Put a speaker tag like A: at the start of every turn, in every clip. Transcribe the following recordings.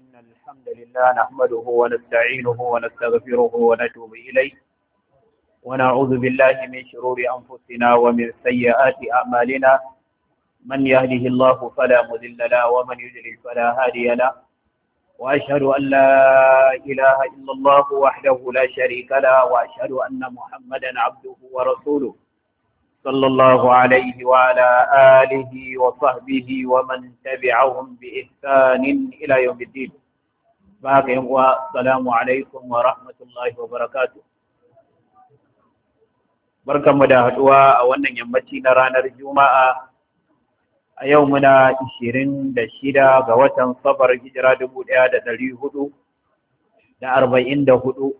A: إن الحمد لله نحمده ونستعينه ونستغفره ونتوب إليه ونعوذ بالله من شرور أنفسنا ومن سيئات أعمالنا من يهده الله فلا مذل له ومن يذلل فلا هادي له وأشهد أن لا إله إلا الله وحده لا شريك له وأشهد أن محمدا عبده ورسوله صلى الله عليه وعلى آله وصحبه ومن تبعهم بإحسان إلى يوم الدين باقي والسلام عليكم ورحمة الله وبركاته barkan mu da haduwa a wannan yammaci na ranar juma'a a yau muna 26 ga watan safar hijira 1444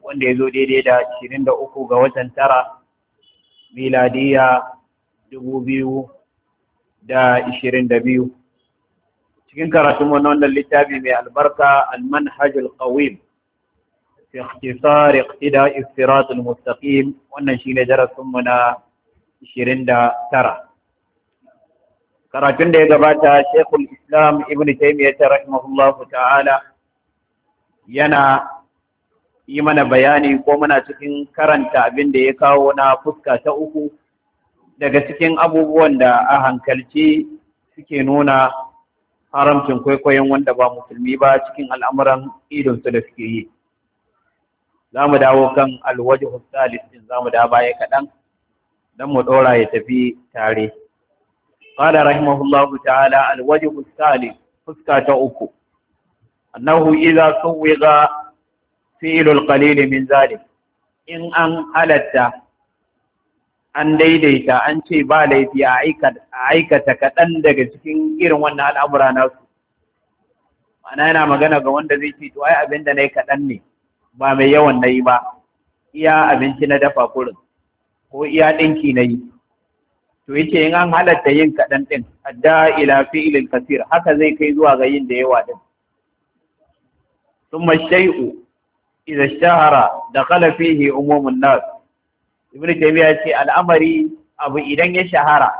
A: wanda ya zo daidai da 23 ga watan tara miladiya dubu biyu da ishirin da biyu cikin karatun wani wannan littafi mai albarka almanhajul qawim fi ikhtisar iqtida istiratul mustaqim wannan shine darasin mu na ishirin da tara karatun da ya gabata shekul islam ibn taymiyyah rahimahullahu ta'ala yana yi mana bayani ko muna cikin karanta abin da ya kawo na fuska ta uku daga cikin abubuwan da a hankalci suke nuna haramcin kwaikwayon wanda ba musulmi ba cikin al'amuran idonsu da suke yi. Za mu dawo kan alwaji Husalis din za mu da baya kaɗan don mu ɗora ya tafi tare. Ƙada rahimahullahu ta'ala alwaji Husalis fuska ta uku. Annahu iza suwiga fi'ilul qalili min zalik in an halatta an daidaita an ce ba laifi a aikata kaɗan daga cikin irin wannan al'amura nasu ma'ana yana magana ga wanda zai ce to ai abin da na yi kaɗan ne ba mai yawan na yi ba iya abinci na dafa kurin ko iya ɗinki na yi to yake in an halatta yin kaɗan ɗin adda ila fi'ilin kasir haka zai kai zuwa ga yin da yawa ɗin thumma shay'u idza shahara dakhala fihi umumun nas ibnu taymiya ce al'amari abu idan ya shahara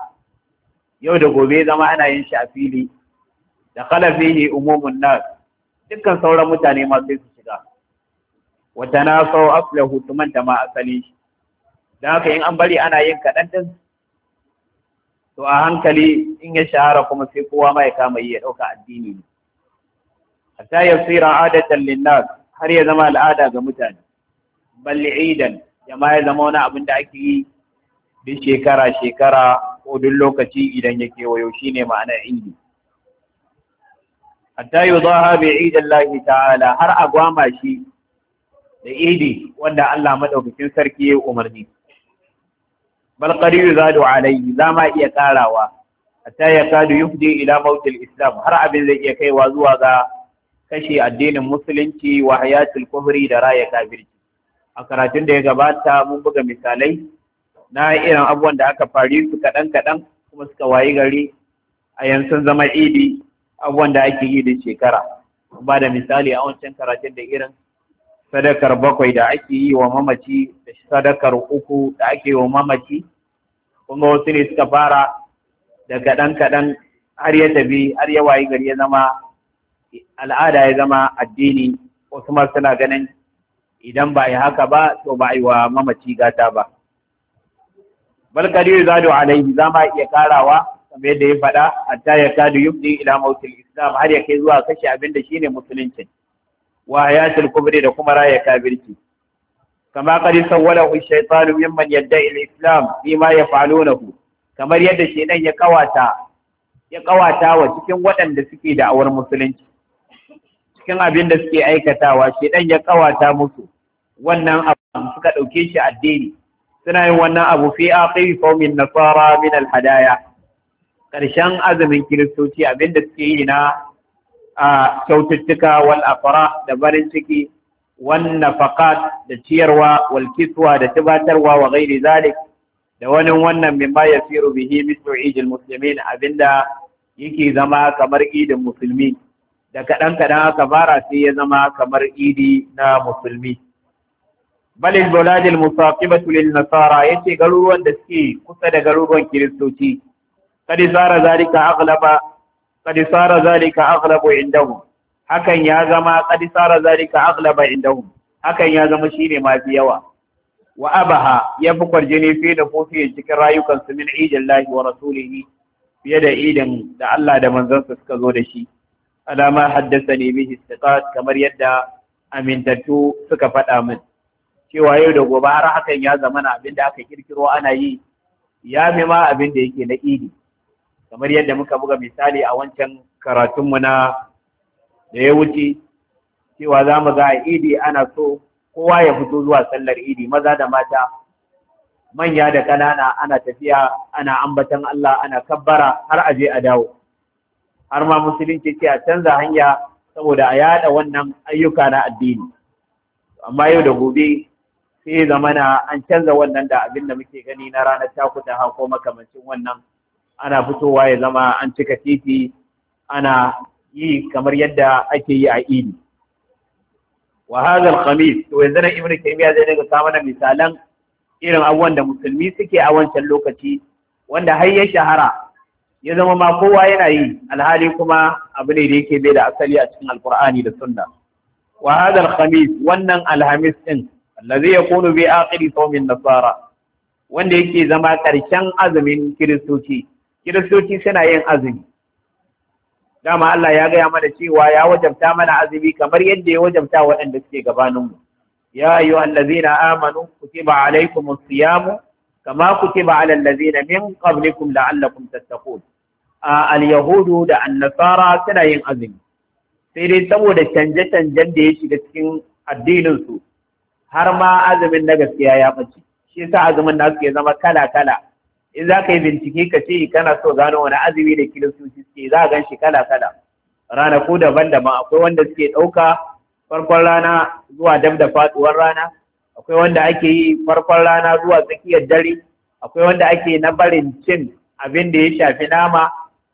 A: yau da gobe zama ana yin shi a fili dakhala fihi umumun nas dukkan sauran mutane ma sai su shiga wa tanasau aslahu tuman da ma asali dan haka in an bari ana yin kaɗan din to a hankali in ya shahara kuma sai kowa ma ya yi ya ɗauka addini ne hatta yasira adatan linnas har ya zama al'ada ga mutane balli idan ma ya zama wani abin da ake yi duk shekara shekara ko duk lokaci idan ya kewayo shine ma'ana idi hatta zaha bai idan lahi ta'ala har a gwama shi da idi wanda Allah maɗaukakin sarki ya umarni bal za yuzadu alayhi za ma iya karawa hatta yakadu yufdi ila mautil islam har abin zai iya kaiwa zuwa ga kashe addinin musulunci wa hayatul kufri da raya kafirci a karatun da ya gabata mun buga misalai na irin abubuwan da aka fari su kaɗan kaɗan kuma suka wayi gari a yanzu zama idi abubuwan da ake yi da shekara ba da misali a wancan karatun da irin sadakar bakwai da ake yi wa mamaci da sadakar uku da ake yi wa mamaci kuma wasu ne suka fara da kaɗan kaɗan har ya tafi har ya wayi gari ya zama al'ada ya zama addini wasu ma suna ganin idan ba yi haka ba to ba yi wa mamaci gata ba bal za da alaihi za ma iya karawa kamar yadda ya faɗa hatta ya kadu yubdi ila mautul islam har ya kai zuwa kashe abin da shine musulunci wa hayatul kubri da kuma raya kafirci kama qad sawwalahu ash-shaytanu mimman yadda'i al-islam bima yaf'alunahu kamar yadda shi ya kawata ya kawata wa cikin waɗanda suke da da'awar musulunci cikin abin da suke aikatawa shedan ya kawata musu wannan abu suka dauke shi addini suna yin wannan abu fi aqibi qaumin nasara min al hadaya karshen azumin kiristoci abin da suke yi na a kyaututtuka wal afara da barin ciki wan nafaqat da ciyarwa wal kiswa da tubatarwa wa ghairi zalik da wani wannan min ma yasiru bihi mithlu idil muslimin abinda yake zama kamar idin musulmi da kaɗan kaɗan aka fara sai ya zama kamar idi na musulmi balil boladil musafi lil nasara ya ce garuruwan da suke kusa da garuruwan kiristoci kadi tsara zalika aghlaba kadi tsara zalika aghlabu hakan ya zama kadi tsara zalika aghlaba indahum hakan ya zama shine mafi yawa wa abaha ya fi kwarjini fi da kofi cikin rayukansu min lahi wa rasulihi fiye da idin da Allah da manzansa suka zo da shi ala ma ne bihi istiqat kamar yadda amintattu suka faɗa min cewa yau da gobe har hakan ya zama na abin da aka kirkiro ana yi ya mi ma abin da yake na idi kamar yadda muka buga misali a wancan karatunmu na da ya wuce cewa za mu ga idi ana so kowa ya fito zuwa sallar idi maza da mata manya da ƙanana ana tafiya ana ambatan Allah ana kabbara har aje a dawo har ma musulunci ce a canza hanya saboda a yada wannan ayyuka na addini amma yau da gobe sai zamana an canza wannan da abin da muke gani na ranar takuta ha ko makamancin wannan ana fitowa ya zama an cika titi ana yi kamar yadda ake yi a idi wa hadha al-khamis to yanzu nan ibnu taymiya zai daga samu mana misalan irin abubuwan da musulmi suke a wancan lokaci wanda har ya shahara ya zama ma kowa yana yi alhali kuma abu ne da yake bai da asali a cikin alkur'ani da sunna wa hadal khamis wannan alhamis din allazi yakunu bi akhiri sawmin nasara wanda yake zama karshen azumin kiristoci kiristoci suna yin azumi dama Allah ya gaya mana cewa ya wajabta mana azumi kamar yadda ya wajabta waɗanda suke gabaninmu ya ayyuhallazina amanu kutiba alaykumus siyamu kama kutiba ala na min qablikum la'allakum tattaqun al yahudu da annasara suna yin azumi sai dai saboda canje-canjen da ya shiga cikin addininsu, har ma azumin na gaskiya ya mace, shi yasa azumin na suke zama kala-kala in za ka yi bincike ka ce kana so gano wani azumi da kiristoci suke za a gan shi kala-kala ranaku daban-daban akwai wanda suke ɗauka farkon rana zuwa dab da faɗuwar rana akwai wanda ake yi farkon rana zuwa tsakiyar dare akwai wanda ake na barin cin abin da ya shafi nama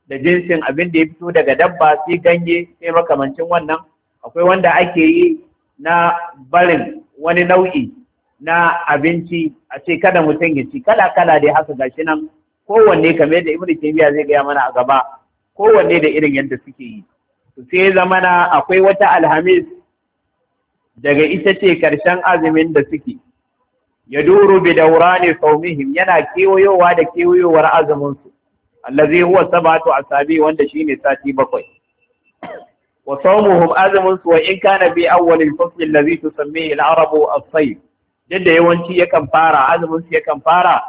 A: da jinsin abin da ya fito daga dabba sai ganye sai makamancin wannan akwai wanda ake yi na barin wani nau'i na abinci a ce kada mutum ya ci kala kala dai haka gashi nan kowanne kamar da ibnu taymiya zai gaya mana a gaba kowanne da irin yadda suke yi sai zamana akwai wata alhamis daga ita ce ƙarshen azumin da suke ya duru bi ne saumihim yana kewayowa da kewayowar azuminsu su allazi huwa sabatu asabi wanda shine sati bakwai wa saumuhum azuminsu wa in kana bi awwal fasl allazi tusammihi al a as-sayf yadda yawanci yakan fara azuminsu yakan fara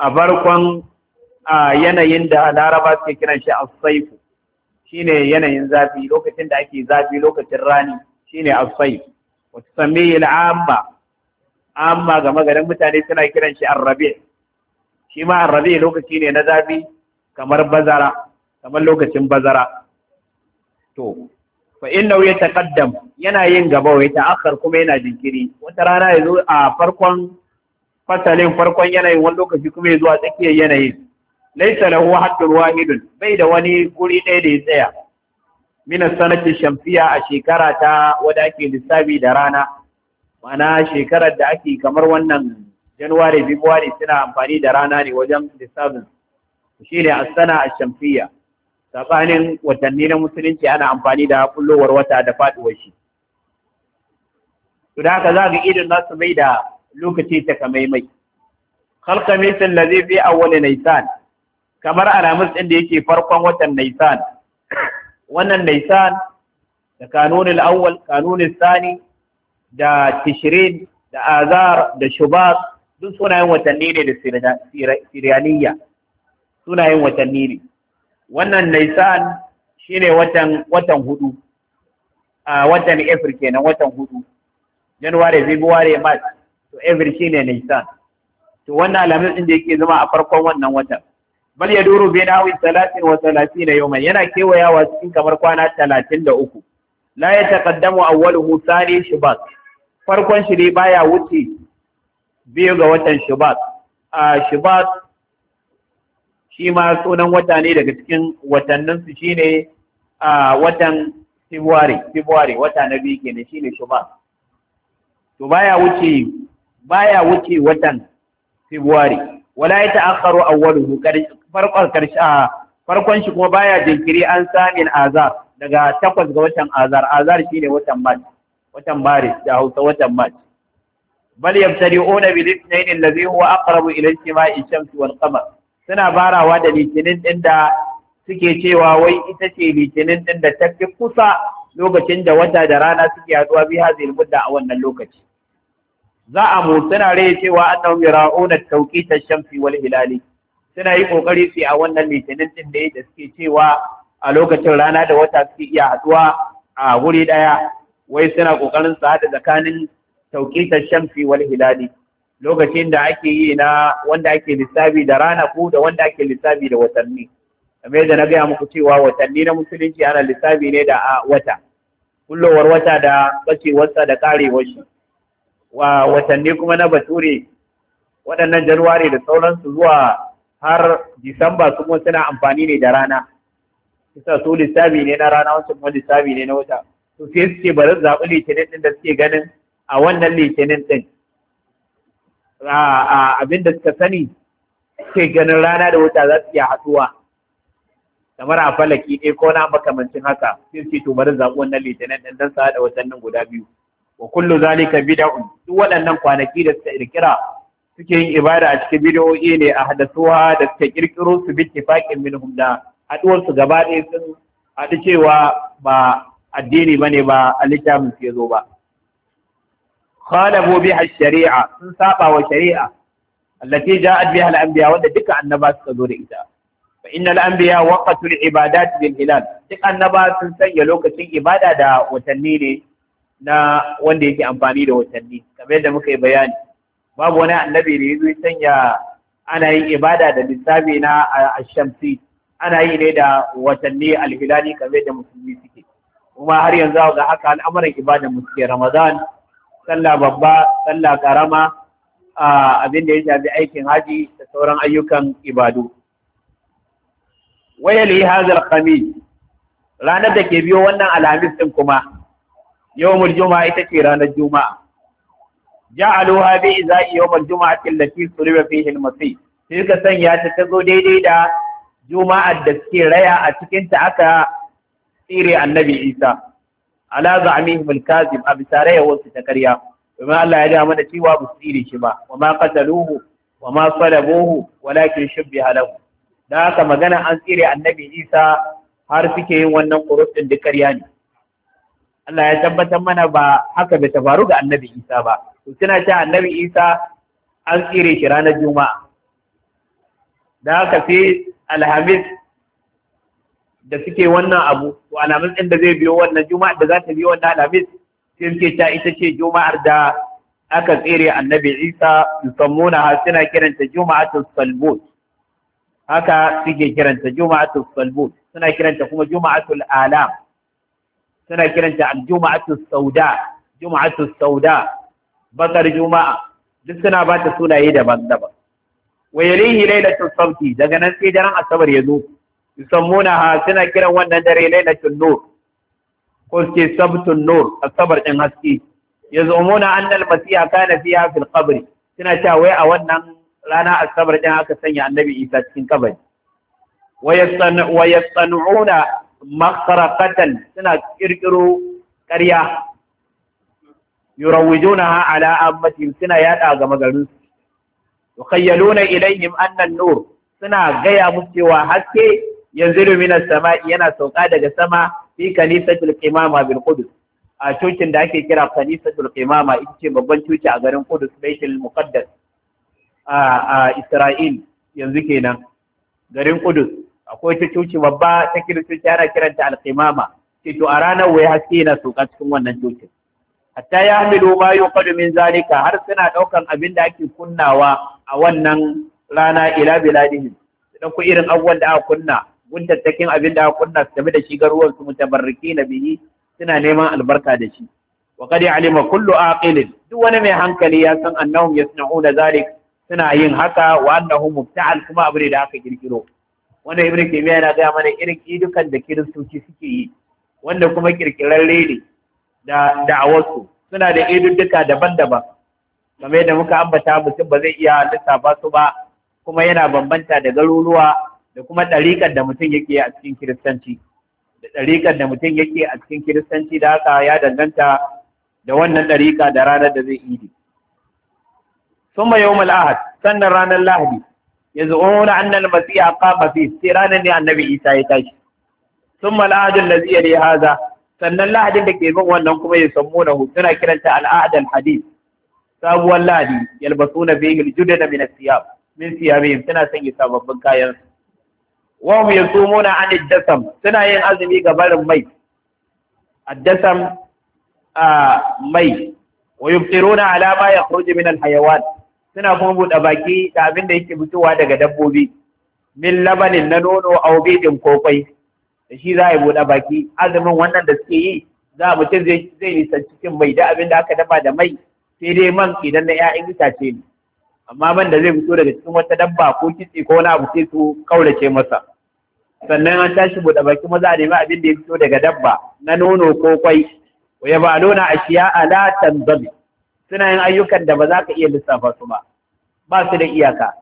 A: a barkon a yanayin da laraba suke kiran shi as-sayf shine yanayin zafi lokacin da ake zafi lokacin rani shine as-sayf wata samiyi al'amma amma ga maganin mutane suna kiran shi arrabe shi ma arrabe lokaci ne na zafi kamar bazara kamar lokacin bazara to fa inna ya taqaddam yana yin gaba wa akar kuma yana jinkiri wata rana ya zo a farkon fasalin farkon yanayin wani lokaci kuma ya zuwa tsakiyar yanayin laisa lahu haddun wahidun bai da wani guri ɗaya da ya tsaya Mina sanati shamsiya a shekara ta wadda ake lissafi da rana mana shekarar da ake kamar wannan januwari february suna amfani da rana ne wajen lissafin shi ne a sana a shamsiya tsakanin watanni na musulunci ana amfani da kullowar wata da faduwar shi to da haka za ga idin nasu mai da lokaci ta kamai mai khalqa misal ladhi fi awwal kamar alamus din da yake farkon watan nisan wannan Nisan da kanunin awwal kanunin sani da tishirin da azar da shubab duk sunayen watanni ne da siriyaniya sunayen watanni ne wannan Nisan shine watan watan hudu a watan April kenan watan hudu January February March to shi shine Nisan to wannan alamin din da yake zama a farkon wannan watan bal ya duru bi nawi talatin wa talatina yawman yana kewayawa cikin kamar kwana talatin da uku la ya taqaddamu awwaluhu thani shubak farkon shi ne baya wuce biyu ga watan shubak a shubak shi ma sunan wata ne daga cikin watannin su shine a watan February February wata na biyu kenan shine shubak to baya wuce baya wuce watan February wala ya ta'akharu awwaluhu farkon karshe a farkon shi kuma baya jinkiri an samin azar daga takwas ga watan azar azar shine watan mat watan bari da hausa watan mat bal yabtadi'una bil ithnain allazi huwa aqrabu ila ijtima'i shamsi wal qamar suna barawa da litinin din da suke cewa wai ita ce litinin din da ta kusa lokacin da wata da rana suke haduwa bi hazil mudda a wannan lokaci za a mu suna rai cewa annahum yara'una tawqita ash-shamsi wal hilali
B: suna yi kokari
A: su a wannan litinin din da da suke cewa a lokacin rana da wata suke iya haduwa a guri daya wai suna kokarin su haɗa tsakanin tauqitar shamsi wal hilali lokacin da ake yi na wanda ake lissafi da rana ko da wanda ake lissafi da watanni kamar yadda na gaya muku cewa watanni na musulunci ana lissafi ne da wata kullowar wata da bacewarsa da karewar shi wa watanni kuma na bature waɗannan januwari da sauransu zuwa har Disamba su kuma suna amfani ne da rana. Kisa su lissafi ne na rana wancan kuma lissafi ne na wata. To sai suke bari zaɓi litinin ɗin da suke ganin a wannan litinin ɗin. Abin da suka sani suke ganin rana da wata za su iya haɗuwa. Kamar a falaki ɗaya ko na makamancin haka sai suke to bari zaɓi wannan litinin ɗin don su haɗa watannin guda biyu. Wa kullu zalika bid'un duk waɗannan kwanaki da suka kirkira suke yin ibada a cikin bidiyoyi ne a hadasuwa da suke kirkiro su bi tifaƙin minhum da haɗuwar su gaba ɗaya sun haɗu cewa ba addini bane ba a littafin su zo ba khalabu biha shari'a sun saba wa shari'a allati ja'at biha al-anbiya wanda duka annaba suka zo da ita fa innal anbiya waqatul ibadat bil hilal duk annaba sun sanya lokacin ibada da watanni ne na wanda yake amfani da watanni kamar yadda muka yi bayani babu wani annabi da yazo sanya ana yin ibada da lissafi na Shamsi, ana yi ne da watanni alhilali kamar da musulmi suke kuma har yanzu a ga haka al'amuran ibada musulmi ramadan sallah babba sallah karama abin da ya shafi aikin haji da sauran ayyukan ibadu yi hazar kami ranar da ke biyo wannan alhamis din kuma yawmul juma'a ita ce ranar juma'a ja'aluha bi iza'i yawmal juma'ati allati suriba fihi al-masih sai ka sanya ta ta zo daidai da juma'ar da suke raya a cikin ta aka tsire annabi Isa ala za'amihim al-kazib a bisa raya wasu ta karya domin Allah ya ga mana cewa ba su tsire shi ba wa ma qataluhu wa ma salabuhu walakin shubbiha lahu da haka magana an tsire annabi Isa har suke yin wannan kurufin da karya ne Allah ya tabbatar mana ba haka bai ta faru ga annabi Isa ba suna ce annabi isa an tsire shi ranar juma'a da aka fi alhamis da suke wannan abu to alhamis inda da zai biyo wannan Juma'a, da za ta biyo wannan alhamis sai suke ta ita ce juma'ar da aka tsere annabi isa musammuna ha suna kiranta ta salbut haka suke kiranta ta salbut suna kiranta kuma ta alam suna kiranta al-juma'atul sauda sauda bakar juma'a duk suna ba ta sunaye daban-daban wa yalihi lailatul sabti daga nan sai daren asabar ya zo yusammuna ha suna kiran wannan dare lailatul nur ko ce sabtun nur asabar din haske yazumuna anna al-masiha kana fiha fil qabr suna cewa wai a wannan rana asabar din aka sanya annabi isa cikin kabari wa yasanuna makharaqatan suna kirkiro ƙarya yurawwijunaha ala ammatihim suna yada ga magarin su yukhayyaluna ilayhim anna an-nur suna gaya musu cewa haske yanzu lumina sama'i yana sauka daga sama fi kanisatul qimama bil qudus a cocin da ake kira kanisatul qimama ita ce babban coci a garin qudus baitul muqaddas a isra'il yanzu kenan garin qudus akwai ta coci babba ta kiristoci ana kiranta al-qimama ce to a ranar wai haske yana sauka cikin wannan cocin hatta ya hamilu ma kwadu min zalika har suna ɗaukan abin da ake kunnawa a wannan rana ila biladihim dan ku irin abuwan da aka kunna guntattakin abin da aka kunna su tafi da shi garuwan su mutabarriki na bihi suna neman albarka da shi wa qad alima kullu aqilin duk wani mai hankali ya san annahum yasna'una zalik suna yin haka wa annahum mubta'al kuma abu ne da aka kirkiro wanda ibnu kimiyya yana ga mana irin idukan da kiristoci suke yi wanda kuma kirkirarre ne da da'awarsu suna da idudduka daban-daban kamar yadda muka ambata mutum ba zai iya lissafa su ba kuma yana bambanta da garuruwa da kuma ɗariƙar da mutum yake a cikin kiristanci da ɗariƙar da mutum yake a cikin kiristanci da haka ya danganta da wannan ɗariƙa da ranar da zai idi summa yawmul ahad sannan ranar lahadi yaz'una anna al-masih qama fi sai ranar ne annabi isa ya tashi summa al-ahad allazi yali hadha sannan lahadin da ke bin wannan kuma ya sammu na hutu kiranta al'adar hadith sabuwar lahadi yalbasu na bihil jude da min siyab min siyabihim suna sanya sababbin kayan wa hum yasumuna an dasam suna yin azumi ga barin mai addasam a mai wa yubtiruna ala ma yakhruju min alhayawan suna kuma buɗe baki da abin da yake fitowa daga dabbobi min labanin na nono a bidin ko kwai da shi za a buɗe baki azumin wannan da suke yi za a mutum zai nisa cikin mai da abin da aka dafa da mai sai dai man idan na 'ya'yan itace ne amma man da zai fito daga cikin wata dabba ko kitse ko wani abu sai su kaulace masa sannan an tashi buɗe baki maza a nemi abin da ya fito daga dabba na nono ko kwai wa ya ba nuna a shiya ala tanzabi suna yin ayyukan da ba za ka iya lissafa su ba ba su da iyaka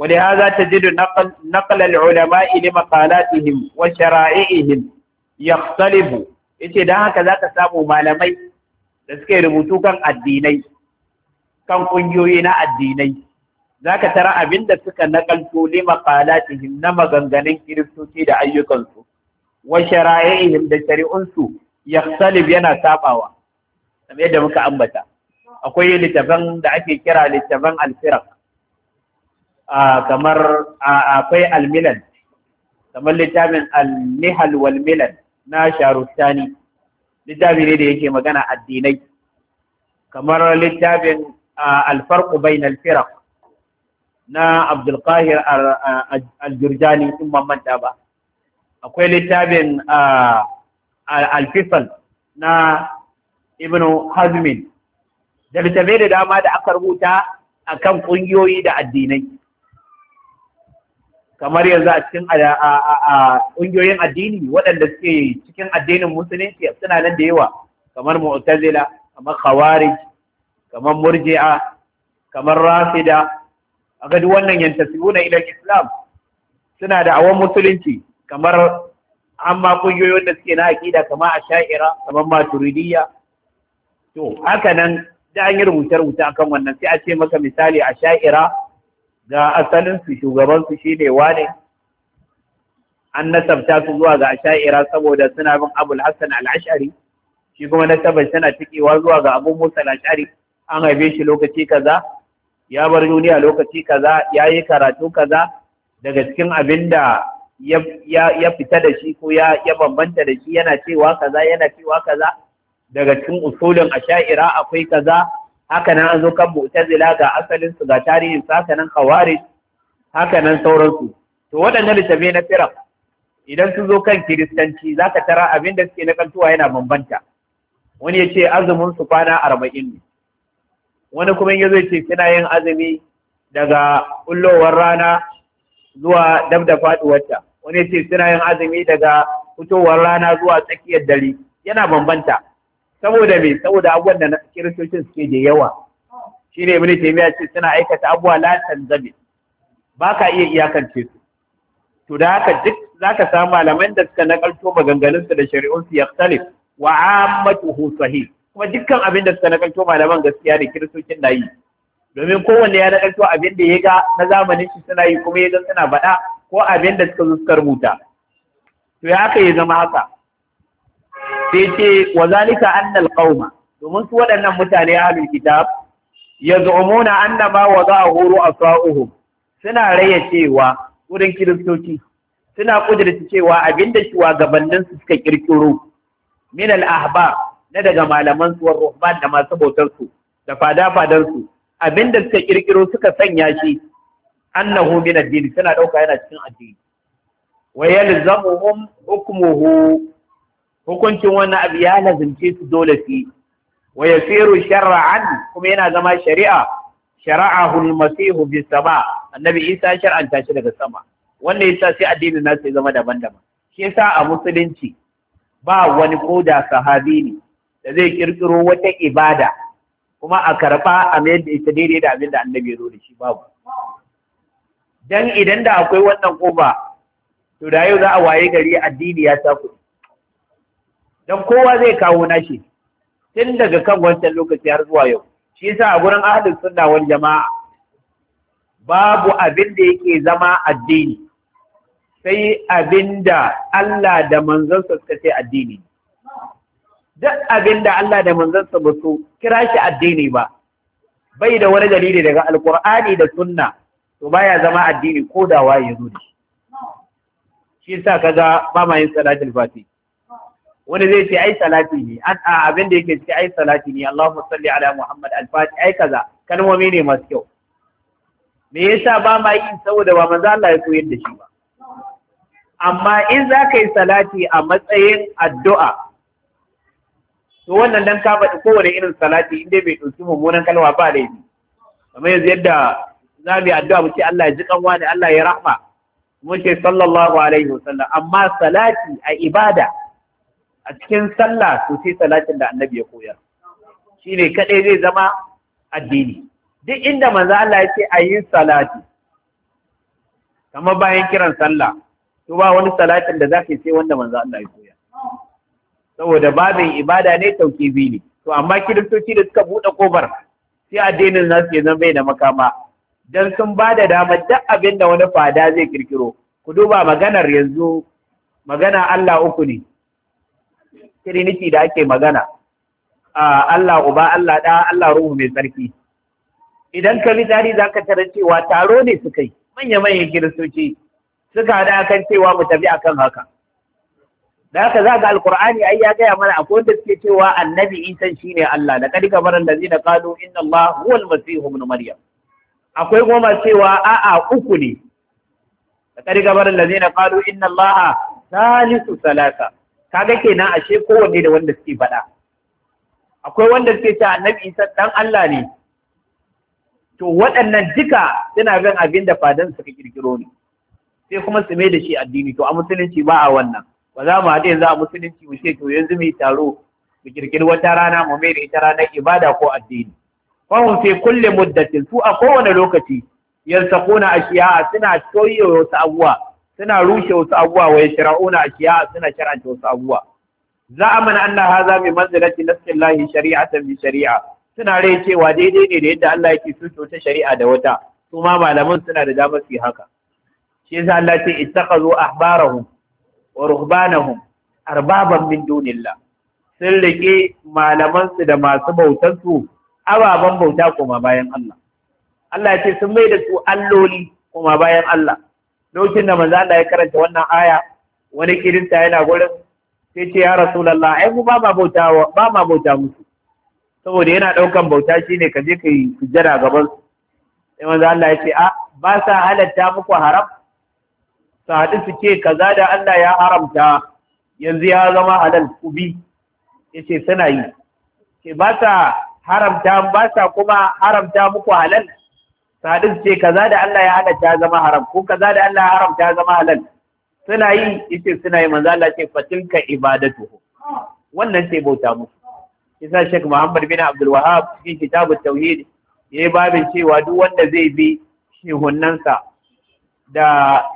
A: ولهذا تجد نقل, نقل العلماء لمقالاتهم وشرائعهم يختلف yace dan haka zaka samu malamai da suke rubutu kan addinai kan kungiyoyi na addinai zaka tara abin da suka nakalto li maqalatihim na maganganun kiristoci da ayyukansu wa shara'i'ihim da shari'unsu yakhtalif yana sabawa kamar yadda muka ambata akwai littafan da ake kira littafan al-firaq kamar akwai almilan kamar littafin al-nihal wal milan na sharustani littafi ne da yake magana addinai kamar littafin alfarku bain alfiraq na abdulkahir al-jurjani in ban manta ba akwai littafin al-Fifal na ibnu hazmin da littafai da dama da aka rubuta akan ƙungiyoyi da addinai kamar yanzu a cikin ƙungiyoyin addini waɗanda suke cikin addinin musulunci suna nan da yawa kamar mu'tazila kamar khawarij kamar murji'a kamar rafida aga duk wannan na ila islam suna da awon musulunci kamar amma ƙungiyoyin da suke na aƙida kamar asha'ira kamar maturidiyya to haka nan da an yi rubuce-rubuce akan wannan sai a ce maka misali a Sha'ira. ga asalinsu shugabansu shine wane an nasabta su zuwa ga asha'ira saboda suna bin abul hassan al'ashari shi kuma nasabar tana cikewa zuwa ga abu musa al'ashari an haife shi lokaci kaza ya bar duniya lokaci kaza ya yi karatu kaza daga cikin abin da ya fita da shi ko ya bambanta da shi yana cewa kaza yana cewa kaza daga cikin usulin asha'ira akwai kaza haka nan an zo kan mu'tazila ga asalin su ga tarihin su haka nan khawarij haka nan sauransu to waɗannan littafi na fira idan sun zo kan kiristanci zaka tara abin da suke na kantuwa yana bambanta wani ya ce azumin su kwana arba'in ne wani kuma ya zo ce suna yin azumi daga kullowar rana zuwa dab da faduwarta wani ya ce suna yin azumi daga fitowar rana zuwa tsakiyar dare yana bambanta saboda me saboda abubuwan da kiristocin suke da yawa shi ne ibnu taymiya ce suna aikata abuwa la tanzabi ba ka iya iyakance su to da haka duk za ka samu malaman da suka nakalto maganganun su da shari'un su yaktalif wa ammatuhu sahih kuma dukkan abin da suka nakalto malaman gaskiya da kiristocin na yi domin kowanne ya nakalto abin da ya ga na zamanin shi suna yi kuma ya ga suna faɗa ko abin da suka zo suka rubuta to ya haka ya zama haka sai ce wa zalika annal qauma domin su waɗannan mutane ahlul kitab yaz'umuna annama horo wada'ahu ru'asa'uhum suna raye cewa wurin kiristoci suna kudurta cewa abinda shugabannin su suka kirkiro min al ahba na daga malaman su ruhban da masu bautar su da fada fadar su abinda suka kirkiro suka sanya shi annahu min ad-din suna dauka yana cikin addini wa yalzamuhum hukmuhu hukuncin wannan abu ya lazimce su dole fi wa yasiru shara'an kuma yana zama shari'a shara'a al-masihu sama annabi isa shar'anta shi daga sama wannan yasa sai addinin nasu ya zama daban-daban shi yasa a musulunci ba wani koda sahabi ne da zai ƙirƙiro wata ibada kuma a karba a mayar da ita daidai da abin da annabi ya zo da shi babu dan idan da akwai wannan koba to da yau za a waye gari addini ya sa kuɗi Don kowa zai kawo nashi tun daga kan wancan lokaci har zuwa yau shi yasa a gurin ahlus sunna wal jama'a babu abin da yake zama addini sai abin da Allah da manzansa suka ce addini duk abin da Allah da manzansa ba su kira shi addini ba bai da wani dalili daga alkur'ani da sunna to baya zama addini ko da waye zo shi yasa kaga ba ma yin salatul fati wani zai ce ai salati ne an a abin da yake ce ai salati ne Allahumma salli ala Muhammad al-Fati ai kaza kalmomi ne masu kyau me yasa ba ma yi saboda ba manzo Allah ya koyar da shi ba amma in za ka yi salati a matsayin addu'a to wannan dan ka faɗi kowane irin salati inda bai ɗauki mummunan kalma ba laifi kamar yanzu yadda za mu yi addu'a mu ce Allah ya ji kanwa ne Allah ya rahma mu ce sallallahu alaihi wasallam amma salati a ibada a cikin sallah to sai salatin da annabi ya koyar shi ne kaɗai zai zama addini duk inda manzo Allah ya ce a yi salati kamar bayan kiran sallah to ba wani salatin da zaka sai wanda manzo Allah ya koya saboda babin ibada ne tauqibi ne to amma kiristoci da suka buɗe kobar sai addinin nasu ya zama bai da makama dan sun ba da dama duk abin da wani fada zai kirkiro ku duba maganar yanzu magana Allah uku ne trinity da ake magana Allah uba Allah ɗa Allah ruhu mai tsarki idan ka bi tari za ka tara cewa taro ne suka yi manya-manyan kiristoci suka da kan cewa mu tafi akan haka da haka za ga alkur'ani ai ya gaya mana akwai wanda suke cewa annabi isa shine Allah da kadi kamar na qalu inna Allah huwa al-masih ibn maryam akwai goma cewa a'a uku ne da kadi kamar allazina qalu inna Allah salisu salasa kaga kenan ashe kowanne da wanda suke faɗa akwai wanda suke cewa annabi isa dan Allah ne to waɗannan duka suna gan abin da fadan suka kirkiro ne sai kuma su mai da shi addini to a musulunci ba a wannan ba za mu haɗe yanzu a musulunci mu ce to yanzu mu yi taro mu kirkiri wata rana mu mai da ita ranar ibada ko addini fahim sai kulle muddatin su a kowane lokaci a ashiya suna toyewa wasu abubuwa suna rushe wasu abubuwa wa 'una ashiya suna shar'anta wasu abubuwa mana anna hadha bi manzilati nasillahi shari'atan bi shari'a suna rai cewa daidai ne da yadda Allah yake so ta shari'a da wata su ma malaman suna da damar su haka shi yasa Allah ce ittakhadhu ahbarahum wa ruhbanahum arbaban min dunillah sun rike malaman su da masu bautar su ababan bauta kuma bayan Allah Allah ya ce sun mai da su alloli kuma bayan Allah lokacin da manzo Allah ya karanta wannan aya wani kirista yana gurin sai ce ya rasulullah ai mu ba ma bauta ba ma bauta musu saboda yana daukan bauta shine ka je kai sujjada gaban su sai manzo Allah ya ce a ba sa halatta muku haram su haɗu su ce kaza da Allah ya haramta yanzu ya zama halal ku bi yace suna yi ke ba sa haramta ba sa kuma haramta muku halal sadis ce kaza da Allah ya halatta ya zama haram ko kaza da Allah ya haramta ya zama halal suna yi yace suna yi manzo Allah ce fatilka ibadatuhu wannan sai bauta musu isa shek Muhammad bin Abdul Wahhab cikin kitabu tauhid yayi babin cewa duk wanda zai bi shehunnansa da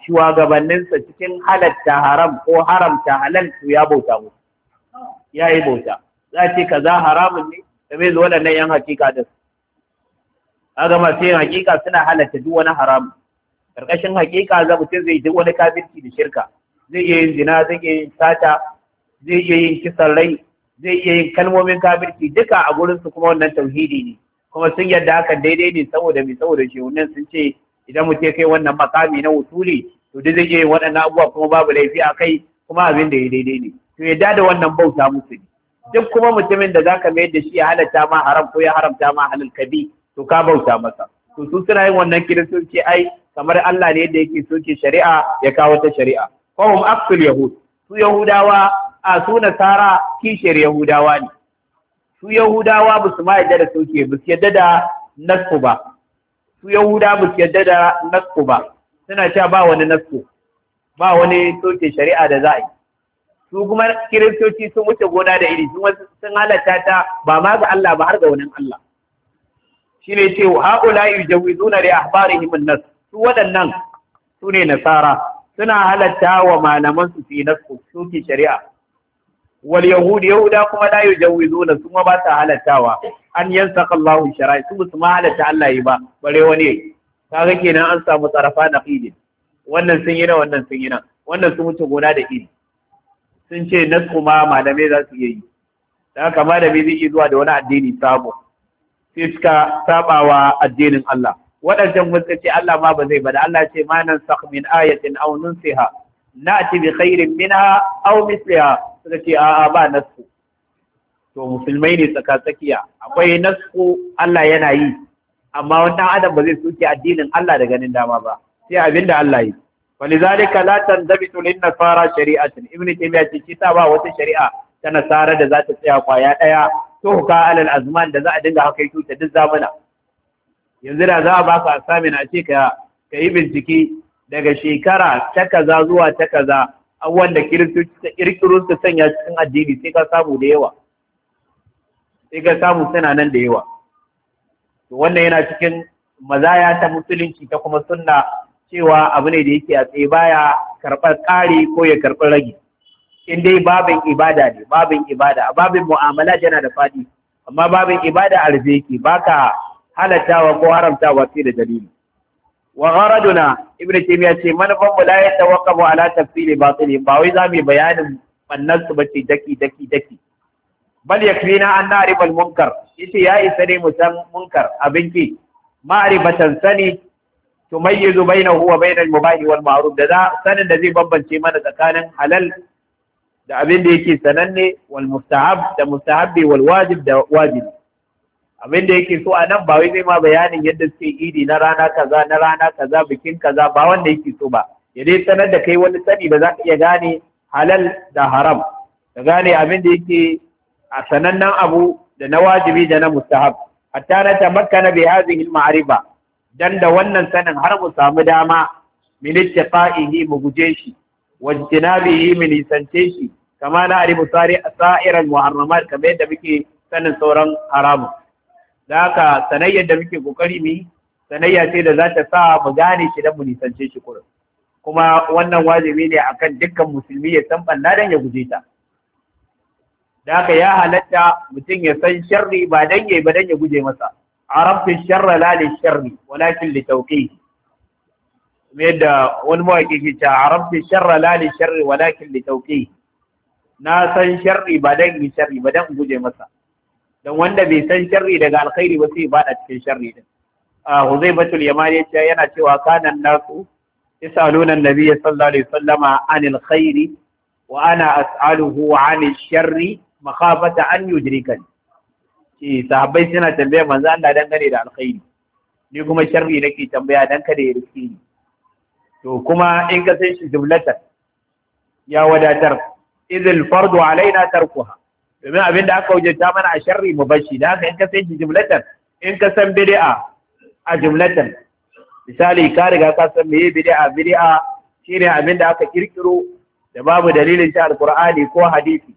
A: shugabanninsa cikin halatta haram ko haramta halal to ya bauta musu ya yi bauta za ce kaza haramun ne da mai zuwa nan yan hakika da su kaga ma sai hakika suna halatta duk wani haramu karkashin hakika za mutum zai duk wani kafirci da shirka zai iya yin zina zai iya yin sata zai iya yin kisan rai zai iya yin kalmomin kafirci duka a gurin su kuma wannan tauhidi ne kuma sun yadda hakan daidai ne saboda mai saboda shehunan sun ce idan mutum kai wannan makami na wusuli to duk zai iya yin waɗannan abubuwa kuma babu laifi a kai kuma abin da ya daidai ne to yadda da wannan bauta musu ne duk kuma mutumin da zaka mayar da shi ya halatta ma haram ko ya haramta ma halal kabi to ka bauta masa to su suna yin wannan kiristoci ai kamar Allah ne da yake soke shari'a ya kawo ta shari'a fahum aqsul yahud su yahudawa a su nasara kishiyar yahudawa ne su yahudawa ba su ma yadda da soke ba su yadda da nasku ba su yahuda ba su yadda da nasku ba suna cewa ba wani nasku ba wani soke shari'a da za a yi su kuma kiristoci sun wuce gona da iri sun halatta ta ba ma ga Allah ba har ga wani Allah shine ce haula yujawizuna li ahbarihim an-nas su waɗannan su ne nasara suna halatta wa malaman su fi nasu suke shari'a wal yahudi yahuda kuma la yujawizuna su ma ba ta halattawa an yansaka Allah shari'a su ba su ma halatta Allah yi ba bare wani kaga kenan an samu tsarafa na qidi wannan sun yi na wannan sun yi na wannan sun wuce gona da iri sun ce nasu ma malamai za su yi da haka malami zai iya zuwa da wani addini sabo sai suka sabawa addinin Allah waɗancan wasu ce Allah ma ba zai bada Allah ce ma nan sakh min ayatin aw nunsiha na'ti bi khairin minha aw misliha suka ce a'a ba nasu to musulmai ne tsaka tsakiya akwai nasu Allah yana yi amma wannan adam ba zai soke addinin Allah da ganin dama ba sai abin da Allah yi walizalika la tanzabitu lin nasara shari'atin ibnu jami'a ce ta ba wata shari'a ta nasara da za ta tsaya kwaya daya tuhuka alal azman da za a dinga haka ya ta duk zamana yanzu da za a baka asamin a ce ka ka yi bincike daga shekara ta kaza zuwa ta kaza abubuwan da kiristoci su sanya cikin addini sai ka samu da yawa sai ka samu suna nan da yawa to wannan yana cikin mazaya ta musulunci ta kuma sunna cewa abu ne da yake a tsaye baya karɓar ƙari ko ya karɓar rage in dai babin ibada ne babin ibada babin mu'amala yana da fadi amma babin ibada a rufe yake baka halattawa ko haramtawa sai da dalili wa gharaduna ibnu taymiya ce manufan mu la yatawaqqafu ala tafsili batili ba wai zamu bayanin bannan su bace daki daki daki bal na an na'rif munkar yace ya isa ne mu san munkar abin ki ma'rifatan sani tumayyizu bainahu wa bainal mubahi wal ma'ruf da sanin da zai bambance mana tsakanin halal da abin da yake sananne wal mustahab da mustahabbi wal wajib da wajibi abin da yake so a nan ba wai zai ma bayanin yadda suke idi na rana kaza na rana kaza bikin kaza ba wanda yake so ba ya dai sanar da kai wani sani da za ka iya gane halal da haram ka gane abin da yake a sanannen abu da na wajibi da na mustahab hatta na bai hazi hadhihi ari ba." dan da wannan sanin har mu samu dama min ittiqa'ihi mu guje shi yi min nisance shi kama na arifu a sa'iran muharramat kamar yadda muke sanin sauran haramun da haka sanayyar da muke kokari mu sanayya ce da za ta sa mu gane shi dan mu nisance shi kurin kuma wannan wajibi ne akan dukkan musulmi ya san banna dan ya guje ta da haka ya halatta mutum ya san sharri ba dan yayi ba dan ya guje masa arabtu sharra la li sharri walakin li tawqihi kuma yadda wani mawaƙi ke ta haramta sharra la li sharri walakin da tauqi na san sharri ba dan yi sharri ba dan guje masa dan wanda bai san sharri daga alkhairi ba sai bada cikin sharri din a huzaibatul yamani ya yana cewa kanan nasu yasaluna annabiyyi sallallahu alaihi wasallama anil khairi wa ana as'aluhu anil sharri makhafata an yudrikani ce sahabbai suna tambaya manzo Allah dangane da alkhairi ni kuma sharri nake tambaya dan kada ya riske to kuma in ka san shi jumlatan ya wadatar idil fardu alaina tarkuha domin abin da aka wujata mana a sharri mu bashi da haka in ka san shi jumlatan in ka san bid'a a jumlatan misali ka riga ka san meye bid'a bid'a shine abin da aka kirkiro da babu dalilin ta alqur'ani ko hadisi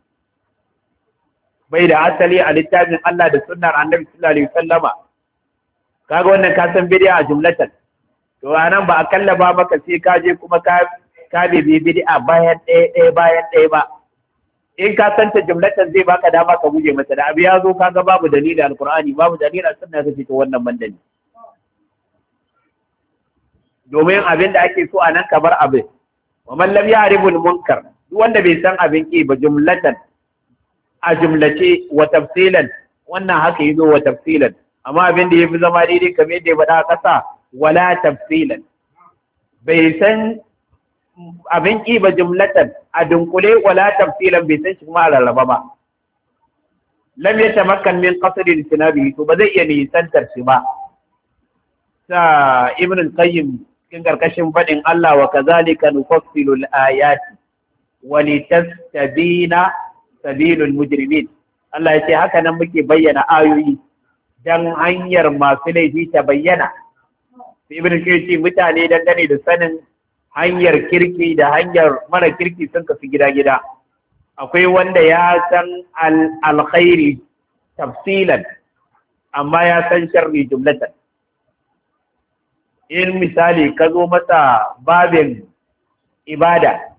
A: bai da asali a littafin Allah da sunnar Annabi sallallahu alaihi wasallama kaga wannan ka san bid'a a jumlatan to ba a ba maka sai ka je kuma ka ka bibi bid'a bayan ɗaya ɗaya bayan ɗaya ba in ka santa jumlatan zai baka dama ka guje masa da abu ya zo kaga babu dalili alqur'ani babu dalili sunna kace to wannan mandali domin abin da ake so a nan bar abin wa man lam ya'riful munkar duk wanda bai san abin ke ba jumlatan a jumlace wa tafsilan wannan haka yazo wa tafsilan amma abin da ya fi zama daidai kamar yadda ya faɗa ƙasa wala tafsilan bai san abin ƙiba jumlatan a dunkule wala tafsilan bai san shi kuma a rarraba ba lam ya tamakkan min qasri sinabi to ba zai iya nisantar shi ba ta ibn qayyim cikin karkashin faɗin Allah wa kazalika nufassilu al-ayati wa litastabina sabilul mujrimin Allah ya ce haka nan muke bayyana ayoyi dan hanyar masu laifi ta bayyana ibn kirki mutane dangane da sanin hanyar kirki da hanyar mara kirki sun kafi gida-gida akwai wanda ya san alkhairi tafsilan amma ya san sharri jumlatan in misali ka zo masa babin ibada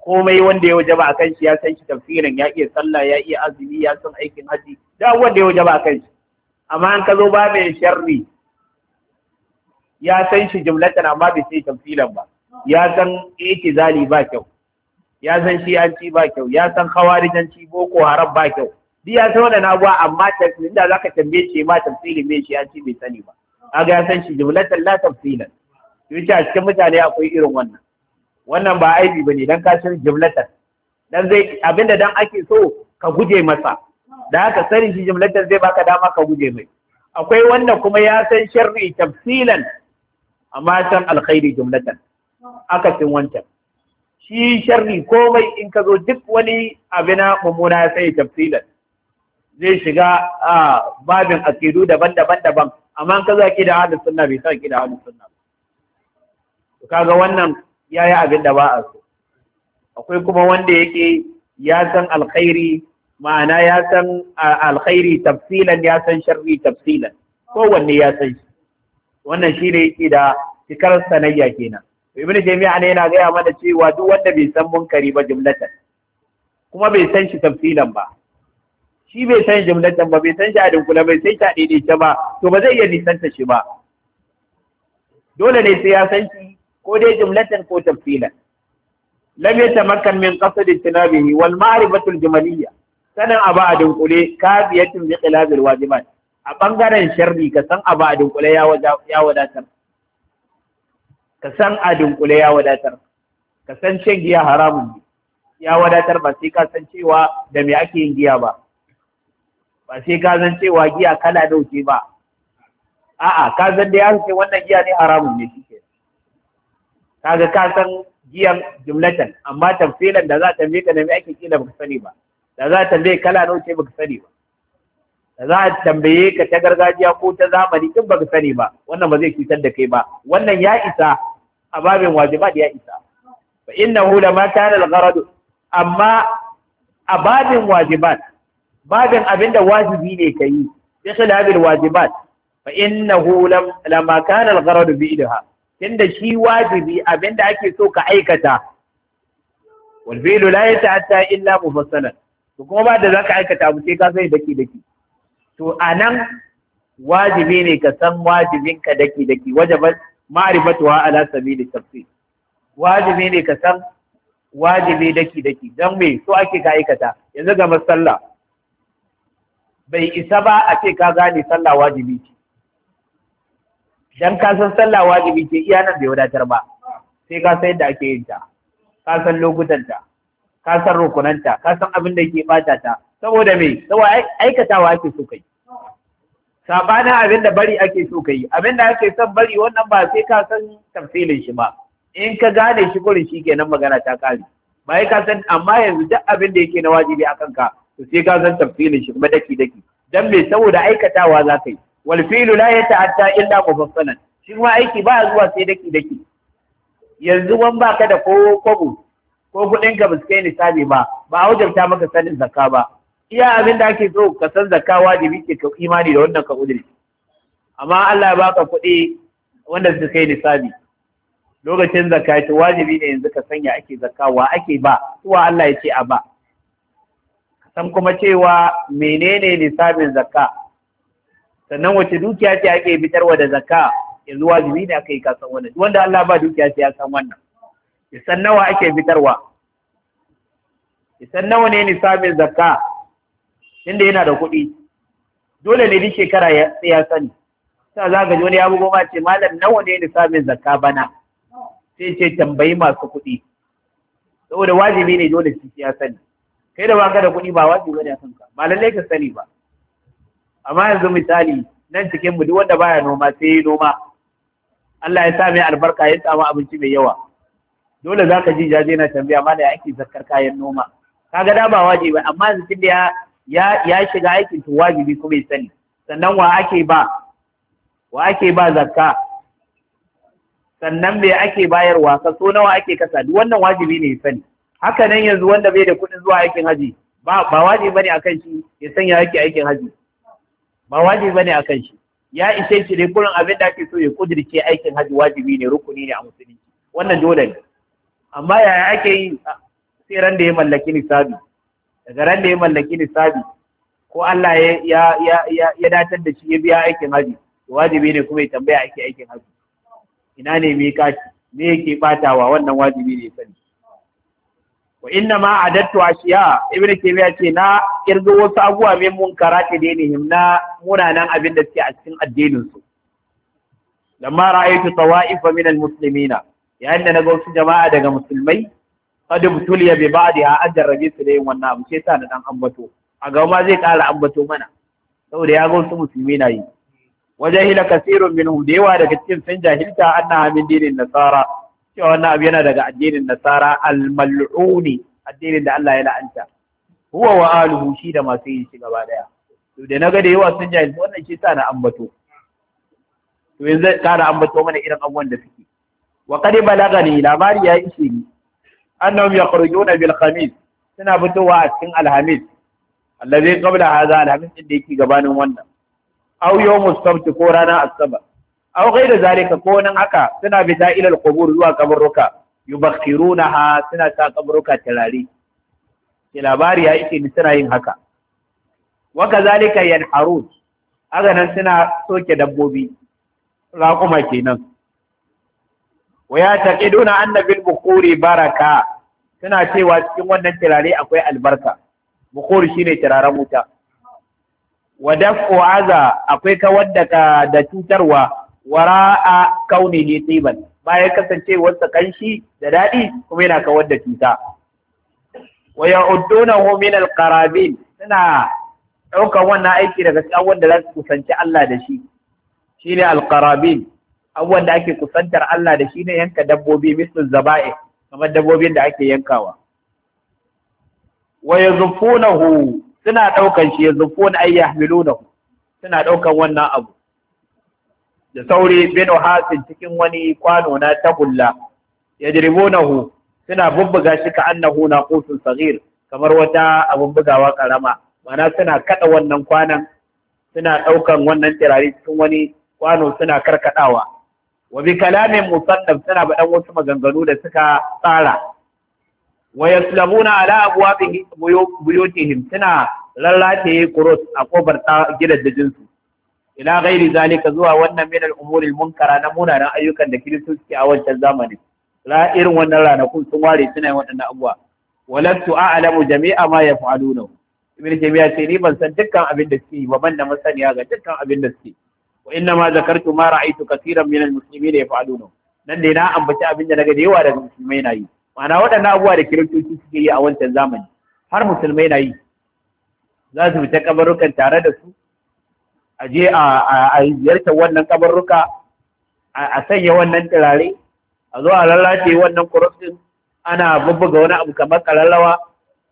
A: komai wanda ya waje ba a kanshi ya san shi tafsirin ya iya sallah ya iya azumi ya san aikin haji da wanda ya waje ba a kanshi amma an ka zo babin sharri ya san shi jumlatan amma bai sai tamfilan ba ya san zali ba kyau ya san shi an ci ba kyau ya san ci boko haram ba kyau duk ya san wannan abuwa amma tafsirin da zaka tambaye shi ma tafsirin me shi an ci bai sani ba kaga ya san shi jimlatan la tafsilan to yace a cikin mutane akwai irin wannan wannan ba aibi bane dan ka san jimlatan dan zai abinda dan ake so ka guje masa da haka sanin shi jimlatan zai baka dama ka guje mai akwai wannan kuma ya san sharri tafsilan amma san alkhairi jumlatan cin wancan shi sharri komai in ka zo duk wani abina mummuna sai tafsilan zai shiga a babin akidu daban-daban daban amma ka zo akida ahlus sunna bai san akida ahlus sunna ba kaga wannan yayi abin da ba a so akwai kuma wanda yake ya san alkhairi ma'ana ya san alkhairi tafsilan ya san sharri tafsilan kowanne ya san shi wannan shine yake da cikar sanayya kenan ibn jami'a ne yana gaya mana cewa duk wanda bai san munkari ba jumlatan kuma bai san shi tafsilan ba shi bai san jumlatan ba bai san shi a dunkule bai san shi a daidaice ba to ba zai iya nisanta shi ba dole ne sai ya san shi ko dai jumlatan ko tafsilan lam yatamakkan min qasd tinabihi wal ma'rifatu al jumaliyya sanan aba a dunkule kafiyatin bi khilafil wajibat a ɓangaren sharri ka san abu a dunkule ya wadatar ka san a dunkule ya wadatar ka san shan giya haramun ne ya wadatar ba sai ka san cewa da me ake yin giya ba ba sai ka san cewa giya kala dauke ba a'a ka san dai an ce wannan giya ne haramun ne shike kaga ka san giyan jumlatan amma tafsilan da za ta miƙa da me ake kila baka sani ba da za ta tambaye kala dauke baka sani ba za a tambaye ka ta gargajiya ko ta zamani in baka sani ba wannan ba zai cutar da kai ba wannan ya isa a babin wajibat ya isa fa innahu lama kana al-gharad amma a babin wajibat babin abinda wajibi ne kai bi khilabil wajibat fa innahu lama kana al-gharad bi idha tunda shi wajibi abinda ake so ka aikata والفعل لا يتعدى الا مفصلا to kuma ba da zaka aikata mu sai ka sai daki daki to a nan wajibi ne ka san wajibinka daki daki wajaban ma'rifatuha ala da tafsir wajibi ne ka san wajibi daki daki don me so ake ka aikata yanzu ga sallah bai isa ba a ce ka gane sallah wajibi ce Don ka san sallah wajibi ce iya nan bai wadatar ba sai ka san yadda ake yin ta ka san lokutanta ka san rukunanta ka san abin da ke bata ta saboda me saboda aikatawa ake so kai sabanin abin da bari ake so kai abin da ake son bari wannan ba sai ka san tafsilin shi ba in ka gane shi gurin shi kenan magana ta kare ba ya ka san amma yanzu duk abin da yake na wajibi akan ka to sai ka san tafsilin shi kuma daki daki dan me saboda aikatawa za ka yi wal fi'lu la yata'atta illa mufassalan shi kuma aiki ba zuwa sai daki daki yanzu wan baka da ko kwabo ko kudin ka biskai nisabi ba ba a wajarta maka sanin zakka ba iya abin da ake so ka san zakka wajibi ke ka imani da wannan ka udiri amma Allah ya baka kuɗi wanda suka kai nisabi lokacin zakka ce wajibi ne yanzu ka sanya ake zakka wa ake ba kuwa Allah ya ce a ba san kuma cewa menene nisabin zakka sannan wace dukiya ce ake fitarwa da zakka yanzu wajibi ne aka yi kasan wannan wanda Allah ba dukiya sai ya san wannan ya san nawa ake fitarwa ya san nawa ne nisabin zakka inda yana da kuɗi dole ne duk shekara ya ya sani sai za ga wani ya bugo ma ce malam nawa ne lissafin zakka bana sai ce tambayi masu kuɗi saboda wajibi ne dole shi ya sani kai da baka da kuɗi ba wajibi ne a ka. ba lalle ka sani ba amma yanzu misali nan cikin mu duk wanda baya noma sai ya noma Allah ya sa mai albarka ya samu abinci mai yawa dole zaka ji jaje na tambaya amma da ake zakkar kayan noma kaga da ba wajibi amma yanzu da ya ya shiga aikin to wajibi kuma ya sani sannan wa ake ba wa ake ba zakka sannan me ake bayarwa kaso nawa ake kasa duk wannan wajibi ne ya sani haka nan yanzu wanda bai da kuɗin zuwa aikin haji ba ba wajibi bane akan shi ya sanya yake aikin haji ba wajibi bane akan shi ya ishe shi dai kurin abin da ake so ya kudirce aikin haji wajibi ne rukuni ne a musulunci wannan dole ne amma yaya ake yi sai ran da ya mallaki nisabi daga ran da ya mallaki lissafi ko Allah ya datar da shi ya biya aikin haji wajibi ne kuma ya tambaya ake aikin haji ina ne miƙati me yake batawa wannan wajibi ne sani wa inna ma adattu ashiya ibnu biya ce na kirgo wasu abuwa min da ne na munanan abin da suke a cikin addinin su lamma ra'aytu tawa'ifa min na, yayin da na ga wasu jama'a daga musulmai qad butuliya bi da an jarrabe su da yin wannan abu sai sa na dan ambato a gaba ma zai ƙara ambato mana saboda ya ga wasu musulmi na yi wajen hila kasirun hu da yawa daga cikin sun jahilta annaha min dinin nasara cewa wannan abu yana daga addinin nasara al-mal'uni addinin da Allah ya la'anta huwa wa aluhu shi da masu yin shi gaba daya to da naga da yawa sun jahilta wannan shi sa na ambato to yanzu ƙara ambato mana irin abubuwan da suke wa qad balagani labari ya ishe ni annahum yakhrujuna bil khamis suna fitowa a cikin alhamis allazi qabla hadha alhamis din da yake gabanin wannan aw as sabt ko ranar asabar aw da zalika ko nan haka suna bita ila al-qubur zuwa kaburruka yubakhirunaha suna sa kaburruka turare ke labari ya yake suna yin haka wa kazalika yanharuj aga nan suna soke dabbobi raquma kenan wa ya taqiduna anna bil bukhuri baraka suna cewa cikin wannan turare akwai albarka bukhur shine turaren wuta wa daf'u aza akwai kawar ka da cutarwa wara'a kaunihi tiban bayan kasance sa kanshi da daɗi kuma yana kawar da cuta wa ya'udunahu min alqarabin suna ɗaukar wannan aiki daga cikin wanda za su kusanci Allah da shi shine alqarabin abubuwan da ake kusantar Allah da shi ne yanka dabbobi mislin zaba'i kamar dabbobin da ake yankawa wa yazfunahu suna daukan shi yazfun ay yahmilunahu suna daukan wannan abu da sauri bin hasin cikin wani kwano na tagulla yadribunahu suna bubbuga shi ka annahu naqutun saghir kamar wata abun bugawa karama ma'ana suna kaɗa wannan kwanan suna daukan wannan tirare cikin wani kwano suna karkaɗawa. wa bi kalamin musannaf tana baɗan wasu maganganu da suka tsara wa yaslamuna ala abwabi buyutihim tana lallataye kurus a kofar gidajen su ila ghairi zalika zuwa wannan min al-umuri al-munkara na munanan ayyukan da kiristoci a wancan zamanin la irin wannan ranakun sun ware suna yin waɗannan abuwa walattu a'lamu jami'a ma yaf'aluna ibn jami'a ce ni ban san dukkan abin da suke yi ba ban da masaniya ga dukkan abin da suke wa inna ma zakartu ma ra'aytu kaseeran min al-muslimin yaf'aluna nan dai na ambaci abin da naga da yawa daga musulmai na yi ma'ana waɗannan abubuwa da kiristoci suke yi a wancan zamani har musulmai na yi za su fita kabarukan tare da su a je a ziyartar wannan kabaruka a sanya wannan turare a zo a lalace wannan kurofin ana bubbuga wani abu kamar kalalawa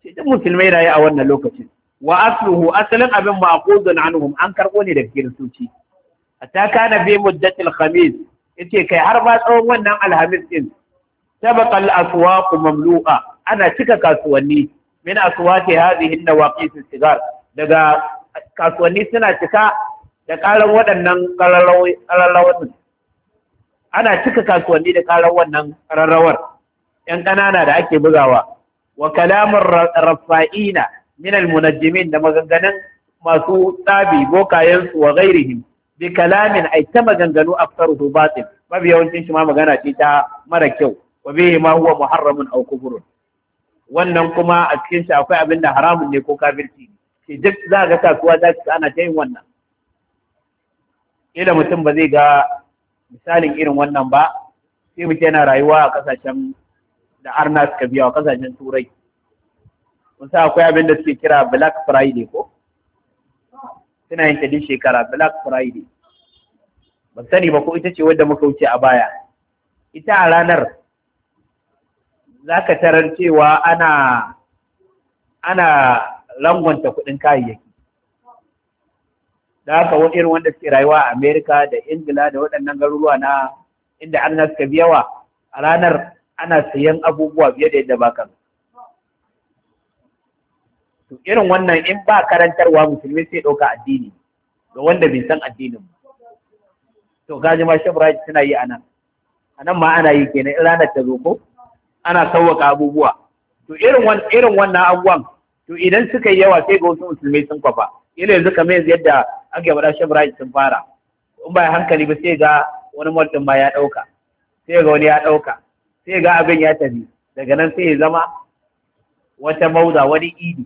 A: sai duk musulmai na yi a wannan lokacin wa asluhu asalin abin ma'qudun anhum an karɓo ne daga kiristoci hatta kana fi muddatil khamis yace kai har ba tsawon wannan alhamis din sabaqa al-aswaq mamlu'a ana cika kasuwanni min aswaqi hadhihi an-nawaqis sigar daga kasuwanni suna cika da karan waɗannan kararrawar ana cika kasuwanni da karan wannan kararrawar yan ƙanana da ake bugawa wa kalamun rafa'ina min al-munajjimin da maganganun masu tsabi bokayensu wa ghairihim bi kalamin ay ta maganganu aktaruhu batil mafi yawancin shi ma magana ce ta mara kyau wa bihi ma huwa muharramun aw kufrun wannan kuma a cikin shi akwai abin da haramun ne ko kafirci ne duk za ga kasuwa za ka ana ta yin wannan kila mutum ba zai ga misalin irin wannan ba sai mutum yana rayuwa a kasashen da arna suka biya a kasashen turai kun akwai abin da suke kira black friday ko suna yin ta shekara black friday ban sani ba ko ita ce wadda muka wuce a baya ita a ranar za ka tarar cewa ana ana kuɗin kayayyaki da haka irin wanda suke rayuwa a Amerika da Ingila da waɗannan garuruwa na inda an suka bi yawa a ranar ana sayan abubuwa fiye da yadda ba irin wannan in ba karantarwa musulmi sai ɗauka addini ga wanda bai san addinin ba to gaji ma shabraj suna yi anan anan ma ana yi kenan in ranar ta zo ko ana sauwaka abubuwa to irin wan irin wannan abuwan, to idan suka yi yawa sai ga wasu musulmai sun kwafa ila yanzu kamar yanzu yadda ake faɗa shabraj sun fara in ba hankali ba sai ga wani mutum ma ya ɗauka sai ga wani ya ɗauka sai ga abin ya tafi daga nan sai ya zama wata mauza wani idi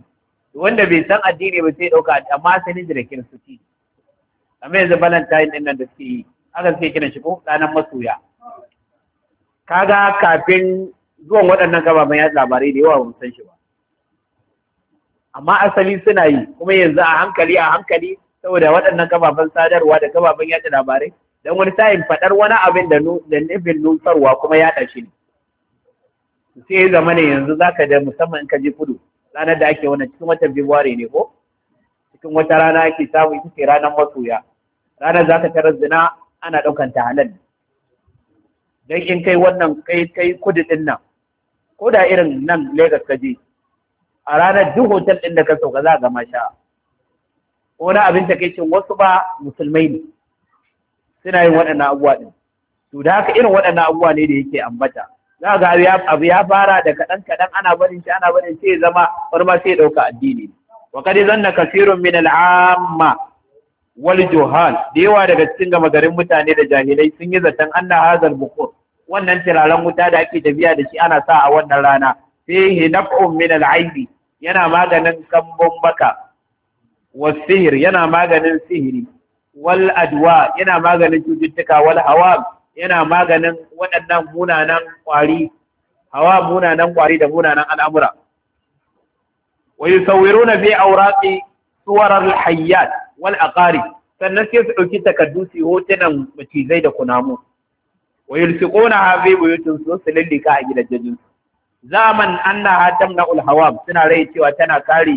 A: wanda bai san addini ba sai ɗauka amma sanin da kiristoci amma yanzu valentine ɗin nan da suke yi haka sai kiran shi ko ɗanan masoya kaga kafin zuwan waɗannan gababen yaɗa labarai da yawa ba san shi ba amma asali suna yi kuma yanzu a hankali a hankali saboda waɗannan gababen sadarwa da gababen yaɗa labarai dan wani sa'in faɗar wani abin da nufin nusarwa kuma yaɗa shi ne sai zama ne yanzu za da musamman in ka je kudu ranar da ake wannan cikin watan February ne ko cikin wata rana ake samu ita ce ranar masoya ranar za ka tarar zina ana ɗaukan ta halal don in kai wannan kai kai kudu din nan ko da irin nan Legas ka je a ranar duk hotel ɗin da ka sauka za a ga Ko wani abin da kai cin wasu ba musulmai ne suna yin waɗannan abubuwa ɗin to da haka irin waɗannan abubuwa ne da yake ambata za ga abu ya fara da kaɗan kaɗan ana barin shi ana barin sai zama wani ma sai ya ɗauka addini wa kadi zanna kasirun min al'amma wal da yawa daga cikin gama garin mutane da jahilai sun yi zaton anna hazal bukur wannan tiraren wuta da ake tafiya da shi ana sa a wannan rana fihi naf'un min al'aibi yana maganin kambon baka wasihir yana maganin sihiri wal adwa yana maganin cututtuka wal hawa yana maganin waɗannan munanan kwari hawa munanan kwari da munanan al'amura wa yusawwiruna fi awraqi suwarar hayyat wal aqari sannan sai su ɗauki takardu su hotunan macizai da kunamu wa yulsiquna ha fi buyutin su su lillika a gidajen zaman Anna tamna ul hawam suna rai cewa tana kare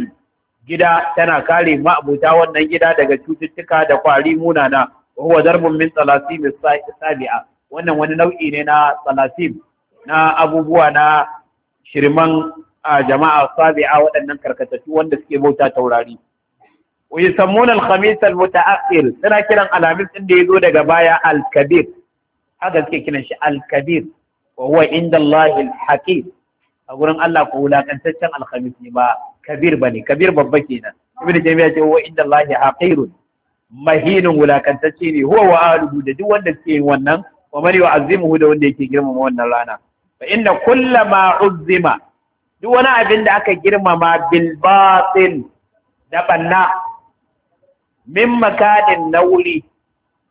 A: gida tana kare ma'abuta wannan gida daga cututtuka da kwari munana wa huwa darbun min salasim sabi'a wannan wani nau'i ne na salasim na abubuwa na shirman a jama'a sabi'a waɗannan karkatattu wanda suke bauta taurari ويسمون الخميس المتأخر سنة كنا الخميس عند يدود قبايا الكبير هذا كي كنا الكبير وهو عند الله الحكيم أقول الله قولا أن تشن الخميس ما كبير بني كبير ببكينا ابن تيمية هو عند الله حقير مهين ولا كان تشيني هو وآله دي وانا تشيني وانا ومن يعظمه دي وانا يكرم وانا لانا فإن كل ما عظم دي وانا أبن دعك جرم ما بالباطل دبنا min makanin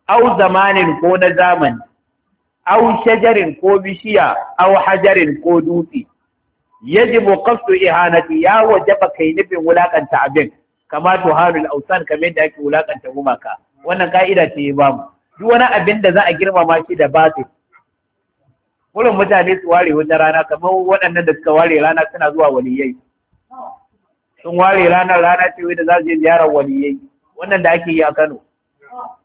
A: au zamanin ko na zamani au shajarin ko bishiya au hajarin ko dutse yajibu qasdu ihanati ya wajaba kai nufin wulakanta abin kama tuharul ausan kamar da ake wulakanta gumaka wannan ka'ida ce ya bamu duk wani abin da za a girmama shi da batil wurin mutane su ware wata rana kamar waɗannan da suka ware rana suna zuwa waliyai sun ware ranar rana ce da za su je ziyarar waliyai wannan da ake yi a Kano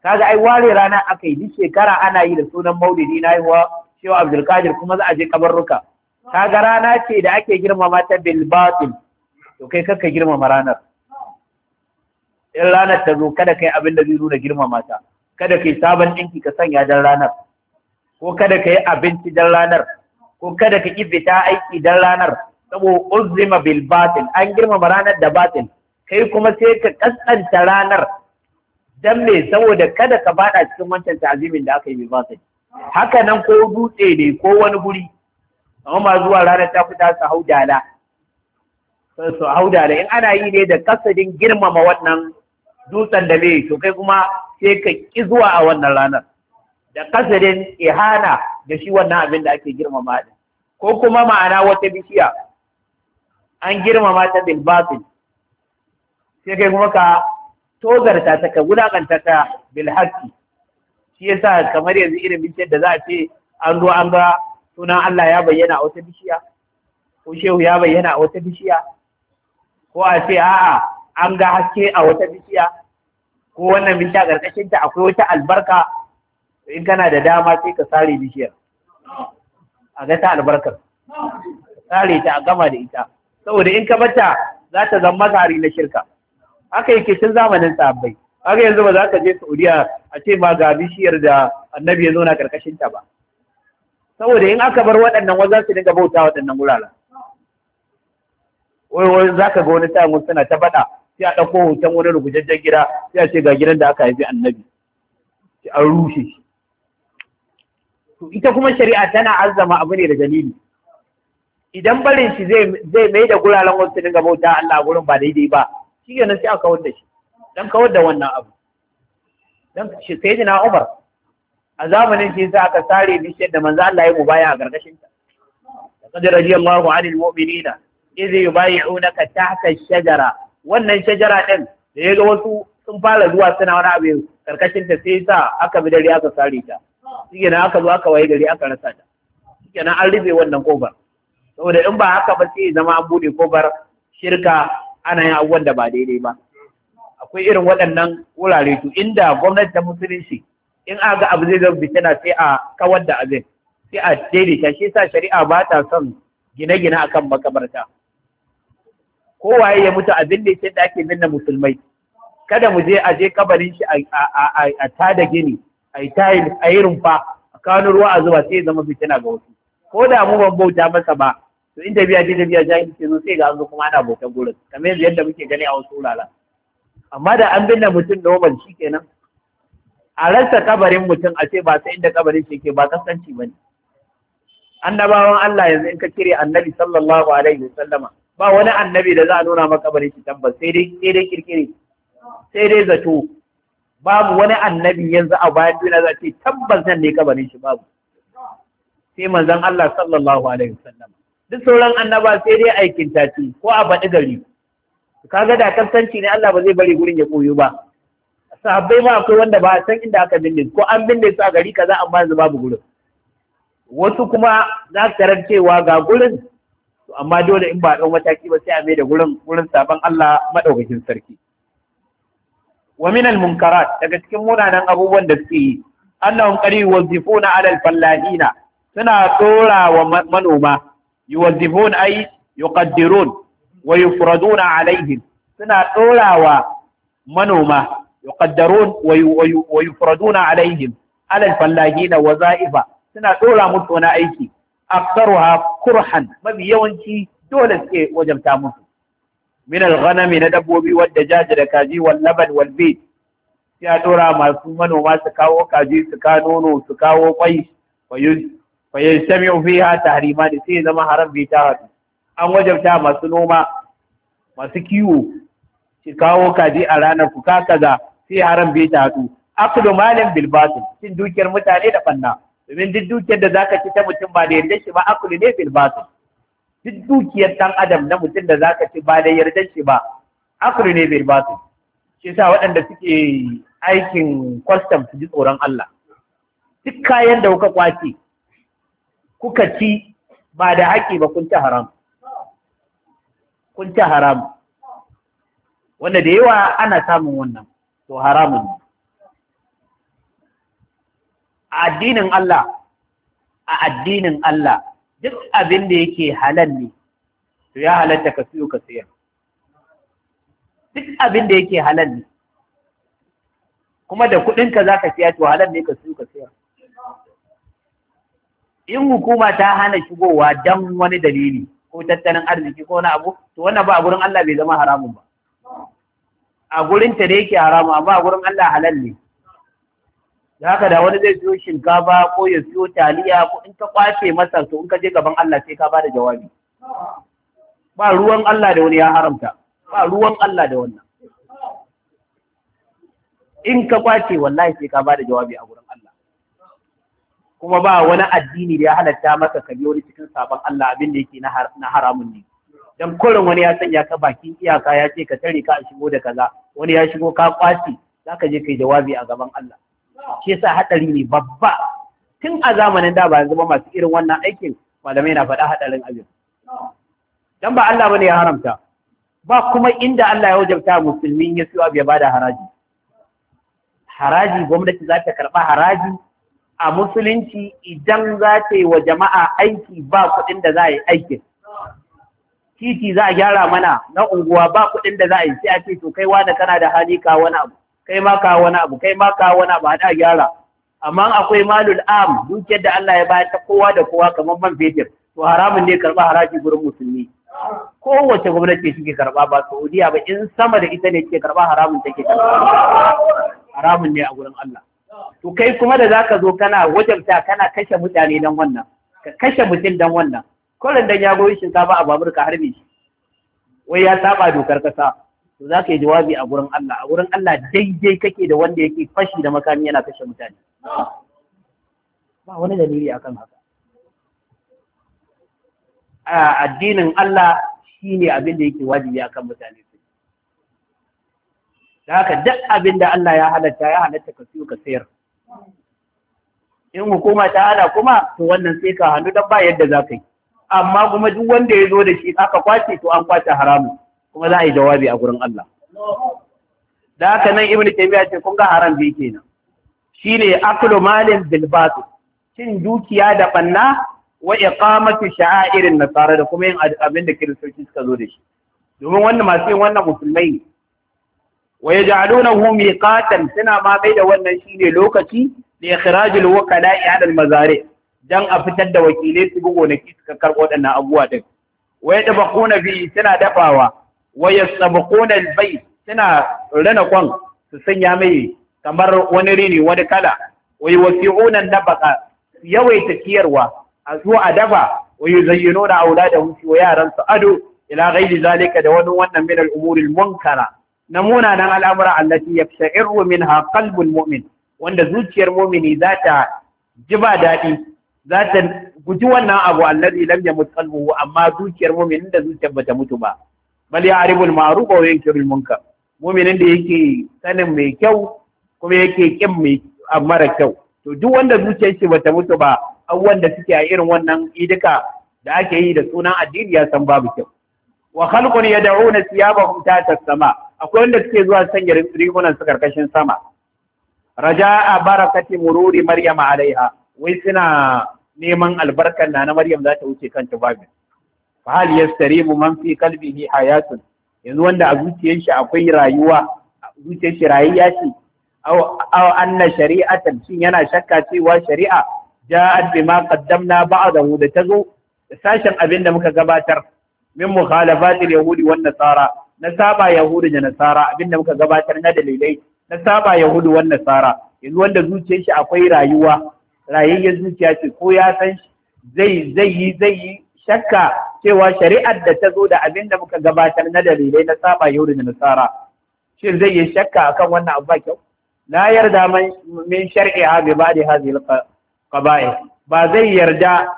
A: kaga ai ware rana aka yi shekara ana yi da sunan maulidi na haihuwa cewa Abdulkadir kuma za a je kabarruka kaga rana ce da ake girmama ta bilbatin, to kai kakka girmama ranar in ranar ta zo kada kai abin da zai nuna girmama ta kada kai sabon ɗinki ka sanya dan ranar ko kada kai abinci dan ranar ko kada ka ƙi fita aiki dan ranar saboda uzzima bilbatin, an girmama ranar da batin, sai kuma sai ka kaskanta ranar dan me saboda kada ka fada cikin wancan ta'azimin da aka yi bai ba haka nan ko dutse ne ko wani guri amma zuwa ranar ta fita su hau dala su hau dala in ana yi ne da kasadin girmama wannan dutsen da mai to kuma sai ka ki zuwa a wannan ranar da kasadin ihana da shi wannan abin da ake girmama ko kuma ma'ana wata bishiya an girmama ta bil sai kai kuma ka togarta ta ka wulakanta ta bilhaki shi yasa kamar yanzu irin bishiyar da za a ce an zo an ga sunan Allah ya bayyana a wata bishiya ko shehu ya bayyana a wata bishiya ko a ce a'a an ga haske a wata bishiya ko wannan bishiya ƙarƙashin ta akwai wata albarka in kana da dama sai ka sare bishiyar a ga ta albarkar sare ta a gama da ita saboda in ka bata za ta zama maka na shirka aka yake tun zamanin sahabbai haka yanzu ba za ka je Saudiya a ce ma ga bishiyar da annabi ya zauna karkashin ta ba saboda in aka bar waɗannan wajen su dinga bauta waɗannan wuraren wai wai za ka ga wani sa'in mun suna ta faɗa sai a ɗauko hoton wani rubutaccen gida sai a ce ga gidan da aka haifi annabi sai an rushe shi to ita kuma shari'a tana azzama abu ne da dalili idan barin shi zai mai da guraren wasu dinga bauta Allah gurin ba daidai ba shi kenan sai a kawar da shi don kawar da wannan abu dan shi sai na Umar a zamanin shi sai aka sare bishiyar da manzo Allah ya mu baya a gargashin ta laqad radiyallahu 'anil mu'minina idh yubay'unaka tahta ash-shajara wannan shajara din da ya ga wasu sun fara zuwa suna wani abu karkashin ta sai sa aka bi dare aka sare ta na aka zo aka waye dare aka rasa ta na an rufe wannan kofar saboda in ba haka ba sai zama an bude kofar shirka ana yin abubuwan da ba daidai ba akwai irin waɗannan wurare to inda gwamnati ta musulunci in aka ga abu zai zama fitina sai a kawar da abin sai a daidaita shi sa shari'a ba ta son gine-gine akan makabarta kowaye ya mutu abin da ya da ake binne musulmai kada mu je a je kabarin shi a tada gini a yi tayin a yi rumfa a kawo ruwa a zuba sai ya zama fitina ga wasu ko da mu ban bauta masa ba to in tafiya ce tafiya ce zo sai ga an zo kuma ana bautan gurin kamar yanzu yadda muke gani a wasu wuraren amma da an binne mutum normal kenan a rasa kabarin mutum a ce ba sai inda kabarin shi ke ba kasance ba ne annabawan Allah yanzu in ka kire annabi sallallahu alaihi wa sallama. ba wani annabi da za a nuna maka kabarin shi tabbas sai dai sai dai kirkire sai dai zato babu wani annabi yanzu a bayan duniya za a ce tabbas nan ne kabarin shi babu sai manzon Allah sallallahu alaihi wa sallama duk sauran annaba sai dai aikin tafi ko a faɗi gari kaga da kaftanci ne Allah ba zai bari gurin ya koyo ba sahabbai ma akwai wanda ba san inda aka binne ko an binne su a gari kaza amma yanzu babu gurin wasu kuma za su tarar cewa ga gurin amma dole in ba a ɗau mataki ba sai a mai da gurin gurin sabon Allah maɗaukakin sarki wa min al munkarat daga cikin munanan abubuwan da suke yi annahum qari yuzifuna ala al fallahina suna tsora manoma yuwaddihun ay yuqaddirun wa yufraduna alaihim suna ɗorawa manoma yuqaddarun wa yufraduna alaihim alal fallahina wa suna ɗora musu wani aiki aksaruha kurhan mafi yawanci dole suke wajabta musu min al-ghanami na dabbobi wadda jaji da kaji wal laban wal bait sai a dora masu manoma su kawo kaji su kawo nono su kawo kwai fa ta harima da sai zama haram bai ta hatu an wajabta masu noma masu kiwo ki kawo kaji a ranar ku ka kaza sai haram bai ta hadu aklu malin bilbatin cin dukiyar mutane da banna domin duk dukiyar da zaka ci ta mutum ba da yarda shi ba aklu ne bilbatin duk dukiyar dan adam na mutum da zaka ci ba da yarda shi ba aklu ne bilbatin shi sa waɗanda suke aikin kwastam su ji tsoron Allah duk kayan da kuka kwace kuka ci ba da haƙi ba kun ci haram kun ci haram wanda da yawa ana samun wannan to haramun ne a addinin Allah a addinin Allah duk abin da yake halal ne to ya halatta ka siyo ka siya. duk abin da yake halal ne kuma da kuɗinka za ka siya to halal ne ka siyo ka siya. in hukuma ta hana shigowa dan wani dalili ko tattalin arziki ko wani abu to wannan ba a gurin Allah bai zama haramun ba a gurin ta da yake haramu amma a gurin Allah halal ne da haka da wani zai siyo shinkafa ko ya siyo taliya ko in ka kwace masa to in ka je gaban Allah sai ka bada jawabi ba ruwan Allah da wani ya haramta ba ruwan Allah da wannan in ka kwace wallahi sai ka bada jawabi a gurin kuma ba wani addini da ya halatta masa ka wani cikin sabon Allah abin da yake na haramun ne dan kullum wani ya sanya ka bakin iyaka ya ce ka tare ka a shigo da kaza wani ya shigo ka kwaci zaka je kai jawabi a gaban Allah shi yasa hadari ne babba tun a zamanin da ba yanzu masu irin wannan aikin malamai na faɗa hadarin abin dan ba Allah ba ne ya haramta ba kuma inda Allah ya wajabta musulmi ya siyo abu ya bada haraji haraji gwamnati za ta karɓa haraji a musulunci idan za ta yi wa jama'a aiki ba kuɗin da za a yi aikin titi za a gyara mana na unguwa ba kuɗin da za a yi sai a ce to kai wani kana da hali ka wani abu kai ma ka wani abu kai ma ka wani abu hada gyara amma akwai malul am dukiyar da Allah ya bayar ta kowa da kowa kamar man fetur to haramun ne karɓa haraji gurin musulmi kowace gwamnati suke karɓa ba Saudiya ba in sama da ita ne ke karɓa haramun take karɓa. haramun ne a gurin Allah to kai kuma da zaka zo kana wajabta kana kashe mutane dan wannan ka kashe mutum dan wannan kullun dan ya goyi shinkafa a babur ka harbe shi wai ya saba dokar kasa to zaka yi jawabi a gurin Allah a gurin Allah daidai kake da wanda yake fashi da makami yana kashe mutane ba wani dalili akan haka A addinin Allah shine abin da yake wajibi akan mutane da haka duk abin da Allah ya halatta ya halatta ka siyo ka sayar in hukuma ta hada kuma to wannan sai ka hannu don ba yadda za ka yi amma kuma duk wanda ya zo da shi aka kwace to an kwace haramun kuma za a yi jawabi a gurin Allah da haka nan ibnu taymiya ce kun ga haram bi kenan shine aklu malin bil cin dukiya da banna wa iqamatu sha'airin nasara da kuma yin abin da kiristoci suka zo da shi domin wannan masu yin wannan musulmai wa yaj'alunahu katan suna ma mai da wannan shine lokaci li ikhrajil wakala'i 'ala al-mazari dan a fitar da wakilai su bugu na suka karbo wadannan abubuwa din wa yadbaquna bi suna dafawa wa saba al bai suna rana kwan su sanya mai kamar wani rini wani kala wa yuwasi'una baka yawaita ciyarwa a zo a dafa wa da hushi wa yaransu ado ila ghairi zalika da wani wannan minal munkara na munanan al'amura allati yafsha'iru minha qalbul mu'min wanda zuciyar mu'mini za ta ji ba daɗi za ta guji wannan abu allazi lam yamut qalbuhu amma zuciyar mu'minin da zuciyar ta mutu ba bal ya'riful ma'ruf wa yankirul munkar mu'minin da yake sanin mai kyau kuma yake kin mai ah, mara kyau to duk wanda zuciyar shi bata mutu ba abubuwan da suke a irin wannan idika da ake yi da sunan addini ya san babu kyau wa khalqun yad'una thiyabahum ta sama akwai wanda suke zuwa sanya rigunan su karkashin sama Raja a barakati mururi maryam alaiha wai suna neman albarkar na na maryam za ta wuce kan tubabin fa hal yastarimu man fi a hayatun yanzu wanda a zuciyar shi akwai rayuwa zuciyar shi rayuwa ce aw aw anna shari'atan shin yana shakka cewa shari'a ja'at bima qaddamna ba'dahu da tazo sashen abin da muka gabatar min mukhalafatil yahudi wan nasara na saba yahudu da nasara abinda muka gabatar na dalilai na saba yahudu wan nasara yanzu wanda zuciyar shi akwai rayuwa rayayyar zuciya ce ko ya san zai zai yi zai yi shakka cewa shari'ar da ta zo da abinda muka gabatar na dalilai na saba yahudu da nasara shin zai yi shakka akan wannan abu ba kyau la yarda min shar'iha bi ba'di hadhihi al-qaba'ih ba zai yarda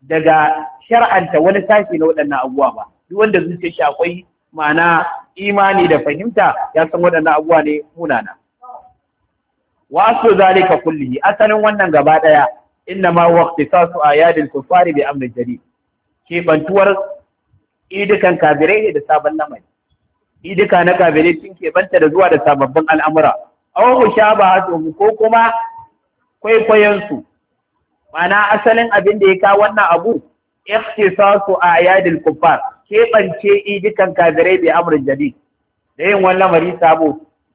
A: daga shar'anta wani sashi na waɗannan abubuwa ba duk wanda zuciyar shi akwai ma'ana imani da fahimta ya san waɗannan abuwa ne munana wasu zalika kulle, asalin wannan gaba ɗaya inna ma waqtisasu ayadil kufari bi amrin jadid ke bantuwar idukan kafirai ne da sabon lamari idika na kafirai sun ke banta da zuwa da sababbin al'amura aw tsohu, ko kuma kwaikwayon su ma'ana asalin abin da ya kawo wannan abu a ayadil kufar keɓance idikan kafirai bai amurin jadi da yin wani lamari sabo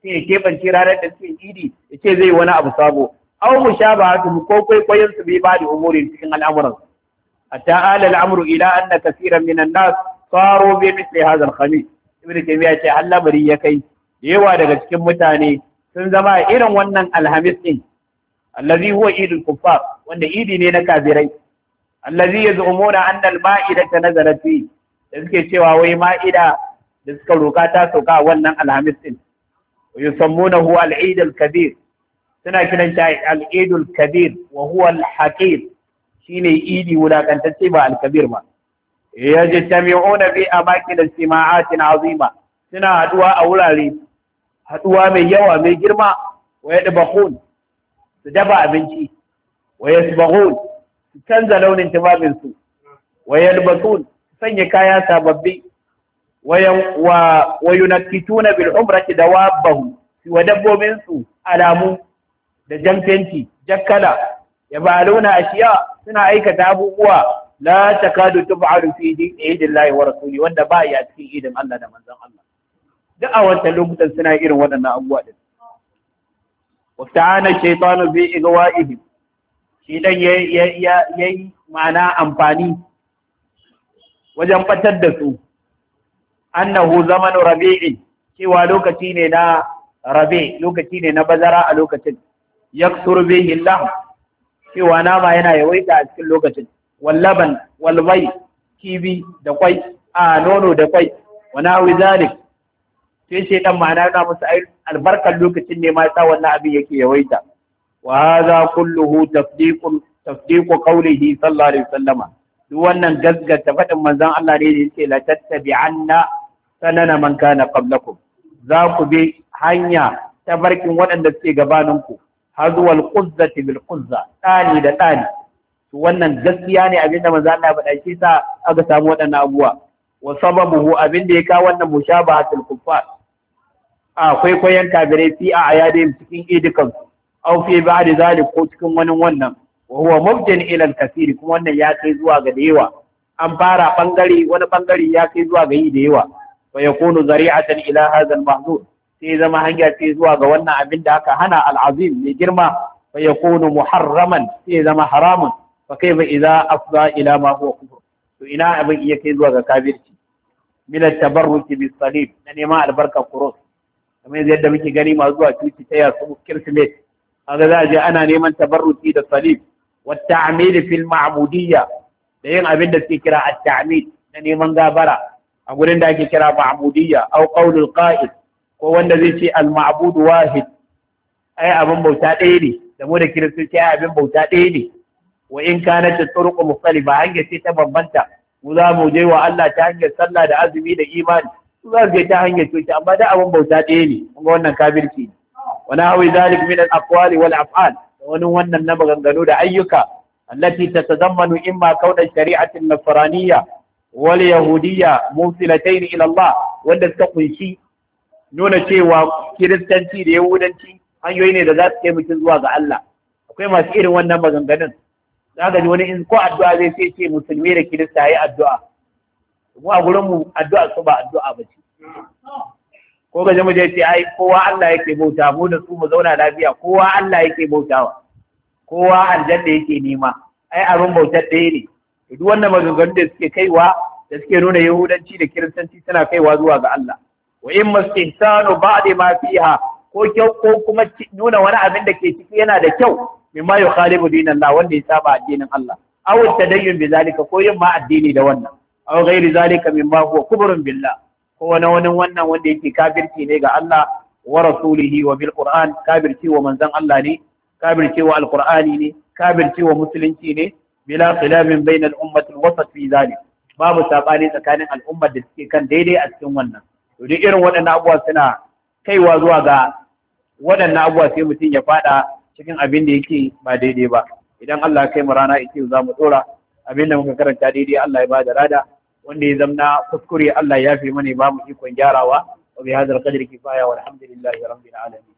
A: shi ne keɓance ranar da suke idi ya ce zai wani abu sabo au mu sha ba mu ko kwaikwayon su bai ba da umurin cikin al'amuran hatta ala al'amuru ila anna kasiran minan nas saro bi misli hadha al-khamis ibnu ce har lamari ya kai da yawa daga cikin mutane sun zama irin wannan alhamis din allazi huwa idul kuffar wanda idi ne na kafirai allazi yaz'umuna anna al-ma'idata ta fihi da suke cewa wai ma'ida da suka roka ta sauka a wannan alhamis din yusammunahu al-eid al-kabir suna kiran shi al-eid al-kabir wa huwa al-haqir shine idi wulakantacce ba al-kabir ba yajtami'una fi amakin istima'atin azima suna haduwa a wurare haduwa mai yawa mai girma wa yadbahun su dafa abinci wa yasbahun su canza launin tubabin su wa yalbasun sanya kaya sababbi wa yunakkituna bil umrati dawabahu wa dabbobin su alamu da jan jamfenti jakkala yabaluna ashiya suna aikata abubuwa la takadu tub'alu fi dinillahi wa rasuli wanda ba ya cikin idin Allah da manzon Allah duk a wancan lokutan suna irin waɗannan abubuwa din wa ta'ana shaytanu bi igwa'ihim shi dan yi ma'ana amfani wajen fatar da su annahu zamanu rabi'i cewa lokaci ne na rabe lokaci ne na bazara a lokacin yaksuru bihi lam cewa nama yana yawaita a cikin lokacin wallaban walbai, kibi da kwai a nono da kwai wa nahwi zalik sai shi dan ma'ana yana musu albarkar lokacin ne ma sa wannan abin yake yawaita wa hadha kulluhu tasdiqu tafdiqu qawlihi sallallahu alaihi wasallama duk wannan gaskata faɗin manzon Allah ne da yake la tattabi'anna sanana man kana qablakum za ku bi hanya ta barkin waɗanda suke gabaninku hazuwal quzzati bil quzza tsani da tsani wannan gaskiya ne abin da manzo Allah faɗa shi sa aka samu waɗannan abuwa. wa sababuhu abin da ya kawo wannan mushabahatul kuffar akwai koyan kafirai fi a ayadim cikin idikan aw fi ba'd zalik ko cikin wani wannan wa huwa mubdin ila al kuma wannan ya kai zuwa ga da yawa an fara bangare wani bangare ya kai zuwa ga yi da yawa fa yakunu zari'atan ila hadha al-mahzur sai zama hanya ce zuwa ga wannan abin da aka hana al mai girma fa yakunu muharraman sai zama haramun fa ba idza afza ila ma huwa kufr to ina abin iya kai zuwa ga kafirci min at-tabarruki bi salib na nema albarka kuros kamar yadda muke gani ma zuwa cuci ta yasu kirsimet kaga za a je ana neman tabarruki da salib والتعميد في المعبودية da yin abin da suke kira at-ta'mid na neman gabara a gurin da ake kira ma'budiyya aw qaulul ko wanda zai ce al wahid ai abin bauta ɗaya ne da mu da kiristoci ai abin bauta ɗaya ne wa in kana ta turuqu mukhtalifa hanya ce ta bambanta mu za mu je wa Allah ta hanyar sallah da azumi da imani su za su ta hanyar coci amma da abin bauta ɗaya ne kun ga wannan kafirci ne wa nahwi zalik min al-aqwali wal af'al wani wannan na maganganu da ayyuka allati tatazammanu imma kauna shari'atin nasraniyya wal yahudiyya mufsilatayn ila Allah wanda suka kunshi nuna cewa kiristanci da yahudanci hanyoyi ne da za su kai mutum zuwa ga Allah akwai masu irin wannan maganganun zaka ji wani in ko addu'a zai sai ce musulmi da kirista yayi addu'a mu a gurin mu addu'a su ba addu'a ba ko ga jama'a ce ai kowa Allah yake bauta mu da su mu zauna lafiya kowa Allah yake bautawa kowa aljanna yake nema ai abin bautar ɗaya ne duk wannan maganganun da suke kaiwa da suke nuna yahudanci da kiristanci suna kaiwa zuwa ga Allah wa in mastihsanu ba'da ma fiha ko ko kuma nuna wani abin da ke ciki yana da kyau mimma yukhalifu dinin Allah wanda ya saba addinin Allah aw tadayyun bi zalika ko yin ma addini da wannan aw ghairi zalika mimma huwa kubrun billah ko na wani wannan wanda yake kafirci ne ga Allah wa rasulihi wa bil qur'an kafirci wa manzon Allah ne kafirci wa alqur'ani ne kafirci wa musulunci ne bila khilafin bain al ummati al wasat fi zalik babu sabani tsakanin al'umma da suke kan daidai a cikin wannan to duk irin waɗannan abubuwa suna kaiwa zuwa ga waɗannan abubuwa sai mutum ya faɗa cikin abin da yake ba daidai ba idan Allah ya kai mu rana yake za mu dora abin da muka karanta daidai Allah ya ba da rada wanda ya zamna kuskure Allah ya fi mani ba mu ikon gyarawa wa bi hadal qadri kifaya walhamdulillahi rabbil alamin